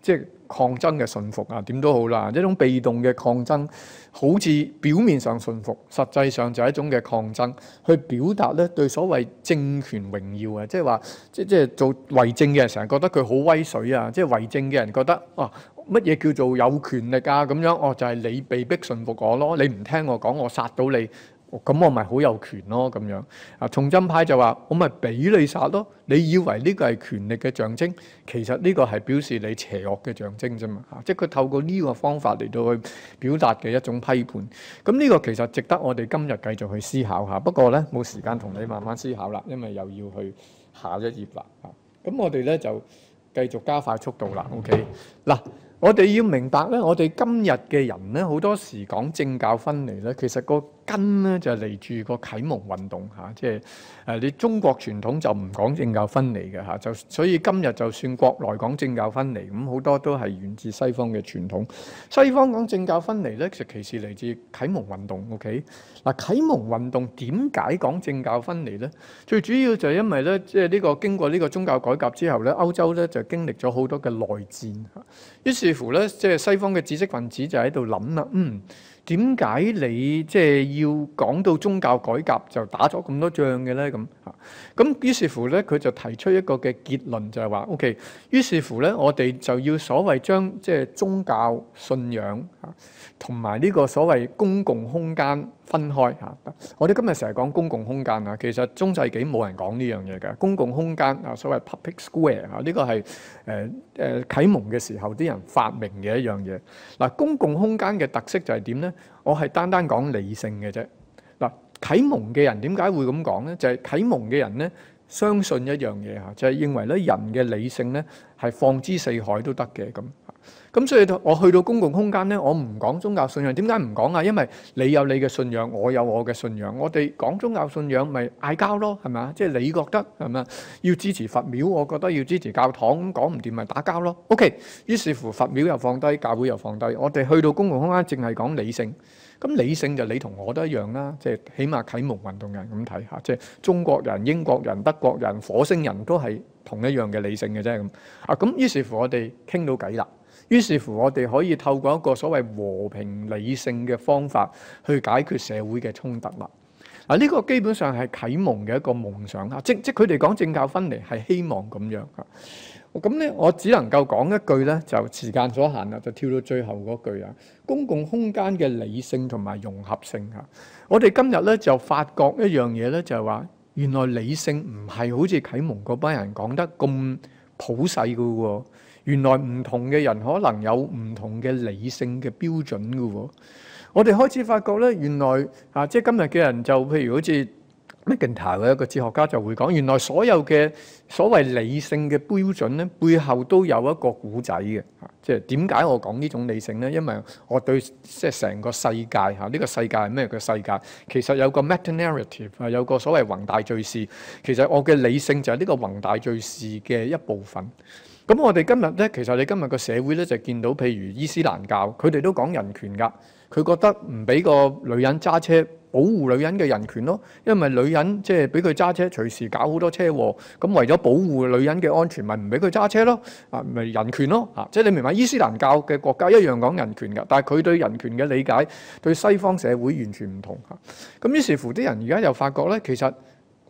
[SPEAKER 2] 即係抗爭嘅信服啊，點都好啦。一種被動嘅抗爭，好似表面上信服，實際上就係一種嘅抗爭，去表達咧對所謂政權榮耀啊，即係話即即係做為政嘅人成日覺得佢好威水啊，即係為政嘅人覺得哦。啊啊乜嘢叫做有權力啊？咁樣哦，就係、是、你被逼信服我咯。你唔聽我講，我殺到你，咁我咪好有權咯咁樣。啊，重浸派就話我咪俾你殺咯、啊。你以為呢個係權力嘅象徵，其實呢個係表示你邪惡嘅象徵啫嘛。嚇、啊，即係佢透過呢個方法嚟到去表達嘅一種批判。咁、啊、呢、這個其實值得我哋今日繼續去思考下。不過呢，冇時間同你慢慢思考啦，因為又要去下一頁啦。啊，咁、啊、我哋呢，就繼續加快速度啦。OK，、啊、嗱。啊啊啊啊啊啊啊我哋要明白咧，我哋今日嘅人咧，好多時講政教分離咧，其實個根咧就嚟住個啟蒙運動嚇，即係誒你中國傳統就唔講政教分離嘅嚇，就所以今日就算國內講政教分離，咁好多都係源自西方嘅傳統。西方講政教分離咧，其實其實嚟自啟蒙運動。OK，嗱，啟蒙運動點解講政教分離咧？最主要就係因為咧，即係呢個經過呢個宗教改革之後咧，歐洲咧就經歷咗好多嘅內戰，於是乎咧，即係西方嘅知識分子就喺度諗啦，嗯。點解你即係要講到宗教改革就打咗咁多仗嘅咧？咁嚇，咁於是乎咧，佢就提出一個嘅結論就係話，OK，於是乎咧，我哋就要所謂將即係宗教信仰嚇，同埋呢個所謂公共空間。分開嚇，我哋今日成日講公共空間啊，其實中世紀冇人講呢樣嘢嘅。公共空間啊，所謂 public square 嚇，呢個係誒誒啟蒙嘅時候啲人發明嘅一樣嘢。嗱，公共空間嘅特色就係點咧？我係單單講理性嘅啫。嗱，啟蒙嘅人點解會咁講咧？就係啟蒙嘅人咧，相信一樣嘢嚇，就係認為咧，人嘅理性咧，係放之四海都得嘅咁。咁所以我去到公共空間咧，我唔講宗教信仰。點解唔講啊？因為你有你嘅信仰，我有我嘅信仰。我哋講宗教信仰咪嗌交咯，係咪啊？即係你覺得係咪啊？要支持佛廟，我覺得要支持教堂，咁講唔掂咪打交咯。OK。於是乎佛廟又放低，教會又放低。我哋去到公共空間，淨係講理性。咁理性就你同我都一樣啦。即係起碼啟蒙運動人咁睇下，即係中國人、英國人、德國人、火星人都係同一樣嘅理性嘅啫咁。啊，咁於是乎我哋傾到偈啦。於是乎，我哋可以透過一個所謂和平理性嘅方法去解決社會嘅衝突啦。嗱，呢個基本上係啟蒙嘅一個夢想啊，即即佢哋講政教分離係希望咁樣㗎。咁咧，我只能夠講一句咧，就時間所限啦，就跳到最後嗰句啊。公共空間嘅理性同埋融合性啊，我哋今日咧就發覺一樣嘢咧，就係話原來理性唔係好似啟蒙嗰班人講得咁普世㗎喎。原來唔同嘅人可能有唔同嘅理性嘅標準嘅喎，我哋開始發覺咧，原來啊，即係今日嘅人就譬如好似 McIntyre 嘅一個哲學家就會講，原來所有嘅所謂理性嘅標準咧，背後都有一個古仔嘅。即係點解我講呢種理性咧？因為我對即係成個世界嚇，呢、啊這個世界係咩嘅世界？其實有個 metanarrative 係有個所謂宏大敘事，其實我嘅理性就係呢個宏大敘事嘅一部分。咁我哋今日呢，其實你今日個社會呢就見到，譬如伊斯蘭教，佢哋都講人權㗎，佢覺得唔俾個女人揸車，保護女人嘅人權咯，因為女人即係俾佢揸車，隨時搞好多車禍，咁為咗保護女人嘅安全，咪唔俾佢揸車咯，啊咪人權咯，啊即係你明白伊斯蘭教嘅國家一樣講人權㗎，但係佢對人權嘅理解對西方社會完全唔同吓。咁，啊，於是乎啲人而家又發覺呢，其實。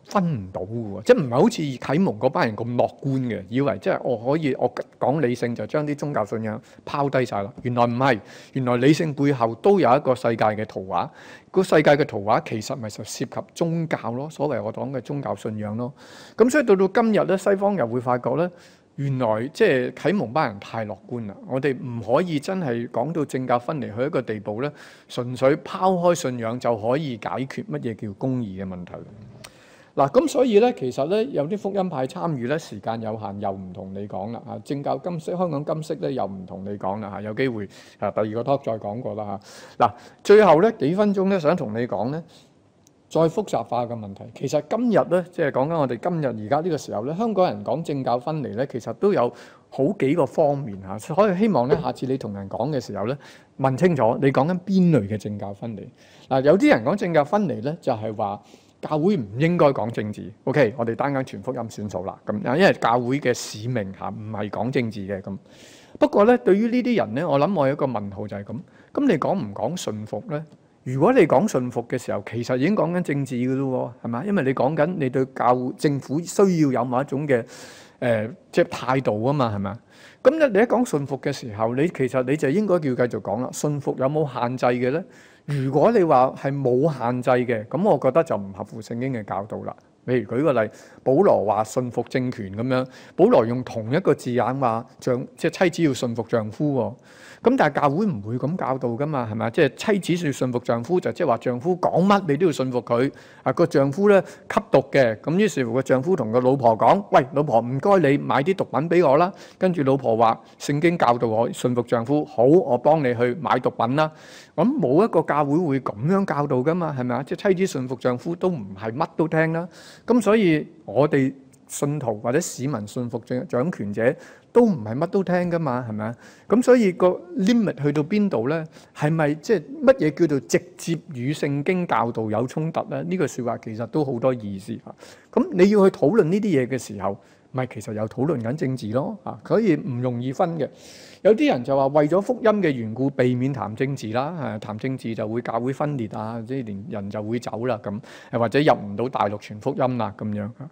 [SPEAKER 2] 分唔到嘅，即係唔係好似啟蒙嗰班人咁樂觀嘅，以為即係我可以我講理性就將啲宗教信仰拋低曬啦。原來唔係，原來理性背後都有一個世界嘅圖畫。個世界嘅圖畫其實咪就涉及宗教咯，所謂我講嘅宗教信仰咯。咁所以到到今日咧，西方又會發覺咧，原來即係啟蒙班人太樂觀啦。我哋唔可以真係講到政教分離去一個地步咧，純粹拋開信仰就可以解決乜嘢叫公義嘅問題。嗱，咁所以咧，其實咧，有啲福音派參與咧，時間有限，又唔同你講啦嚇。政教金色，香港金色咧，又唔同你講啦嚇。有機會啊，第二個 talk 再講過啦嚇。嗱，最後咧幾分鐘咧，想同你講咧，再複雜化嘅問題，其實今日咧，即係講緊我哋今日而家呢個時候咧，香港人講政教分離咧，其實都有好幾個方面嚇，所以希望咧，下次你同人講嘅時候咧，問清楚你講緊邊類嘅政教分離。嗱，有啲人講政教分離咧，就係話，教會唔應該講政治，OK，我哋單單傳福音算數啦。咁啊，因為教會嘅使命吓唔係講政治嘅。咁不過咧，對於呢啲人咧，我諗我有一個問號就係咁。咁你講唔講順服咧？如果你講順服嘅時候，其實已經講緊政治噶啦，係嘛？因為你講緊你對教政府需要有某一種嘅誒，即係態度啊嘛，係嘛？咁咧，你一講順服嘅時候，你其實你就應該要繼續講啦。順服有冇限制嘅咧？如果你話係冇限制嘅，咁我覺得就唔合乎聖經嘅教導啦。譬如舉個例，保羅話信服政權咁樣，保羅用同一個字眼話，丈即係妻子要信服丈夫喎。咁但係教會唔會咁教導噶嘛，係咪？即係妻子要順服丈夫，就即係話丈夫講乜你都要順服佢。啊，個丈夫咧吸毒嘅，咁於是乎個丈夫同個老婆講：喂，老婆唔該你買啲毒品俾我啦。跟住老婆話：聖經教導我順服丈夫，好，我幫你去買毒品啦。咁冇一個教會會咁樣教導噶嘛，係咪啊？即係妻子順服丈夫都唔係乜都聽啦。咁所以我哋信徒或者市民順服掌掌權者，都唔係乜都聽㗎嘛，係咪啊？咁所以個 limit 去到邊度咧？係咪即係乜嘢叫做直接與聖經教導有衝突咧？呢、這個說話其實都好多意思嚇。咁、啊、你要去討論呢啲嘢嘅時候，咪其實又討論緊政治咯嚇、啊。所以唔容易分嘅。有啲人就話為咗福音嘅緣故，避免談政治啦。誒、啊，談政治就會教會分裂啊，即係連人就會走啦咁，誒、啊、或者入唔到大陸傳福音啦咁、啊、樣。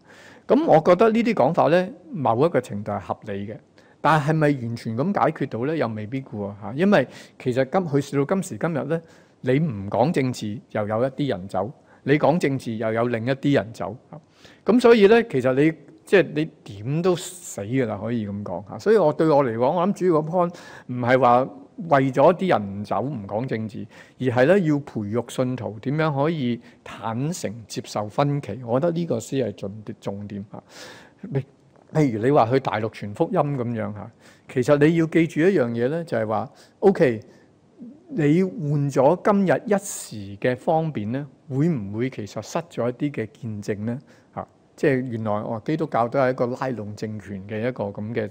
[SPEAKER 2] 咁、啊、我覺得呢啲講法咧，某一個程度係合理嘅。但係咪完全咁解決到咧？又未必喎嚇，因為其實今去到今時今日咧，你唔講政治又有一啲人走，你講政治又有另一啲人走，咁、嗯、所以咧，其實你即係你點都死㗎啦，可以咁講嚇。所以我對我嚟講，我諗主要個 point 唔係話為咗啲人唔走唔講政治，而係咧，要培育信徒點樣可以坦誠接受分歧。我覺得呢個先係重點，重點嚇。譬如你話去大陸傳福音咁樣嚇，其實你要記住一樣嘢咧，就係話，OK，你換咗今日一時嘅方便咧，會唔會其實失咗一啲嘅見證咧？嚇、啊，即係原來我、哦、基督教都係一個拉攏政權嘅一個咁嘅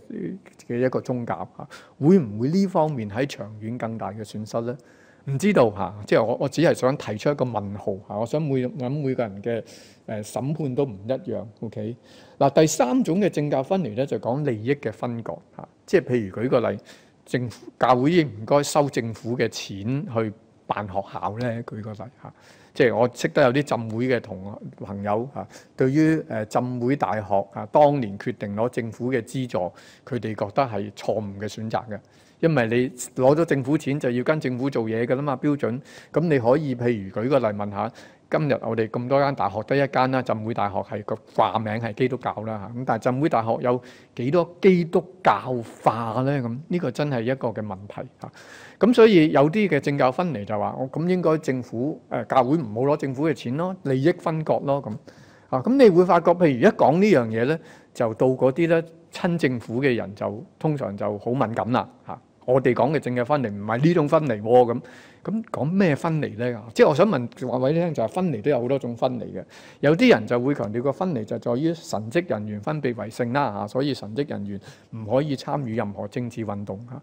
[SPEAKER 2] 嘅一個宗教嚇、啊，會唔會呢方面喺長遠更大嘅損失咧？唔知道嚇、啊，即係我我只係想提出一個問號嚇、啊，我想每諗每個人嘅。誒審判都唔一樣，OK？嗱，第三種嘅政教分離咧，就講利益嘅分割。嚇、啊，即係譬如舉個例，政府教會應唔該收政府嘅錢去辦學校咧？舉個例嚇、啊，即係我識得有啲浸會嘅同學朋友嚇，對於誒、啊、浸會大學嚇、啊，當年決定攞政府嘅資助，佢哋覺得係錯誤嘅選擇嘅，因為你攞咗政府錢就要跟政府做嘢嘅啦嘛，標準。咁你可以譬如舉個例問下。今日我哋咁多間大學得一間啦，浸會大學係個化名係基督教啦嚇，咁但係浸會大學有幾多基督教化咧？咁、這、呢個真係一個嘅問題嚇。咁、啊、所以有啲嘅政教分離就話：我、哦、咁、嗯、應該政府誒、呃、教會唔好攞政府嘅錢咯，利益分割咯咁啊。咁、嗯嗯、你會發覺，譬如一講呢樣嘢咧，就到嗰啲咧親政府嘅人就通常就好敏感啦嚇。啊。我哋講嘅政教分離唔係呢種分離喎，咁咁講咩分離呢？即係我想問話畀你聽，就係、是、分離都有好多種分離嘅，有啲人就會強調個分離就在於神職人員分別為聖啦嚇、啊，所以神職人員唔可以參與任何政治運動嚇，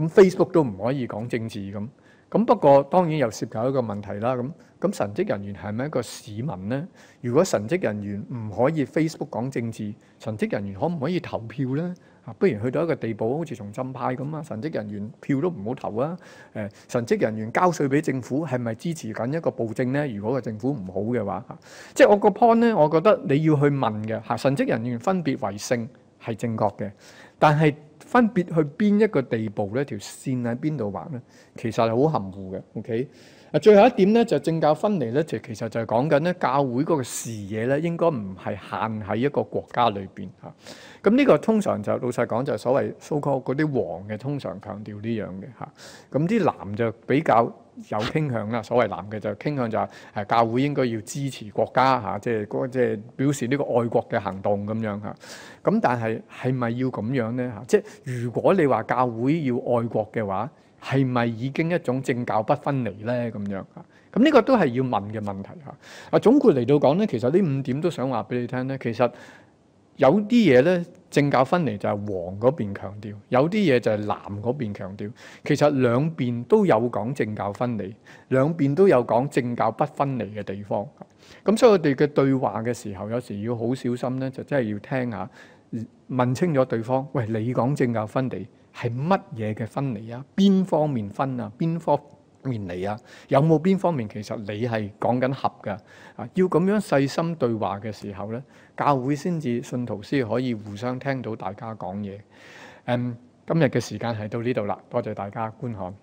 [SPEAKER 2] 咁、啊、Facebook 都唔可以講政治咁。咁、啊、不過當然又涉及一個問題啦，咁、啊、咁神職人員係咪一個市民呢？如果神職人員唔可以 Facebook 講政治，神職人員可唔可以投票呢？啊，不如去到一個地步，好似重浸派咁啊，神職人員票都唔好投啊！誒，神職人員交稅俾政府，係咪支持緊一個暴政咧？如果個政府唔好嘅話，即係我個 point 咧，我覺得你要去問嘅嚇，神職人員分別為聖係正確嘅，但係分別去邊一個地步咧，條線喺邊度畫咧，其實係好含糊嘅，OK。最後一點咧，就政教分離咧，就其實就係講緊咧，教會嗰個視野咧，應該唔係限喺一個國家裏邊嚇。咁呢個通常就老實講，就係所謂 so call 嗰啲黃嘅，通常強調呢樣嘅嚇。咁啲藍就比較有傾向啦，所謂藍嘅就傾向就係教會應該要支持國家嚇，即係即係表示呢個愛國嘅行動咁樣嚇。咁但係係咪要咁樣咧嚇？即係如果你話教會要愛國嘅話。係咪已經一種政教不分離咧？咁樣啊，咁呢個都係要問嘅問題嚇。啊總括嚟到講咧，其實呢五點都想話俾你聽咧。其實有啲嘢咧，政教分離就係黃嗰邊強調；有啲嘢就係藍嗰邊強調。其實兩邊都有講政教分離，兩邊都有講政教不分離嘅地方。咁所以我哋嘅對話嘅時候，有時要好小心咧，就真係要聽下問清咗對方。喂，你講政教分離？係乜嘢嘅分離啊？邊方面分啊？邊方面嚟啊？有冇邊方面其實你係講緊合嘅啊？要咁樣細心對話嘅時候咧，教會先至信徒先可以互相聽到大家講嘢。嗯，今日嘅時間係到呢度啦，多謝大家觀看。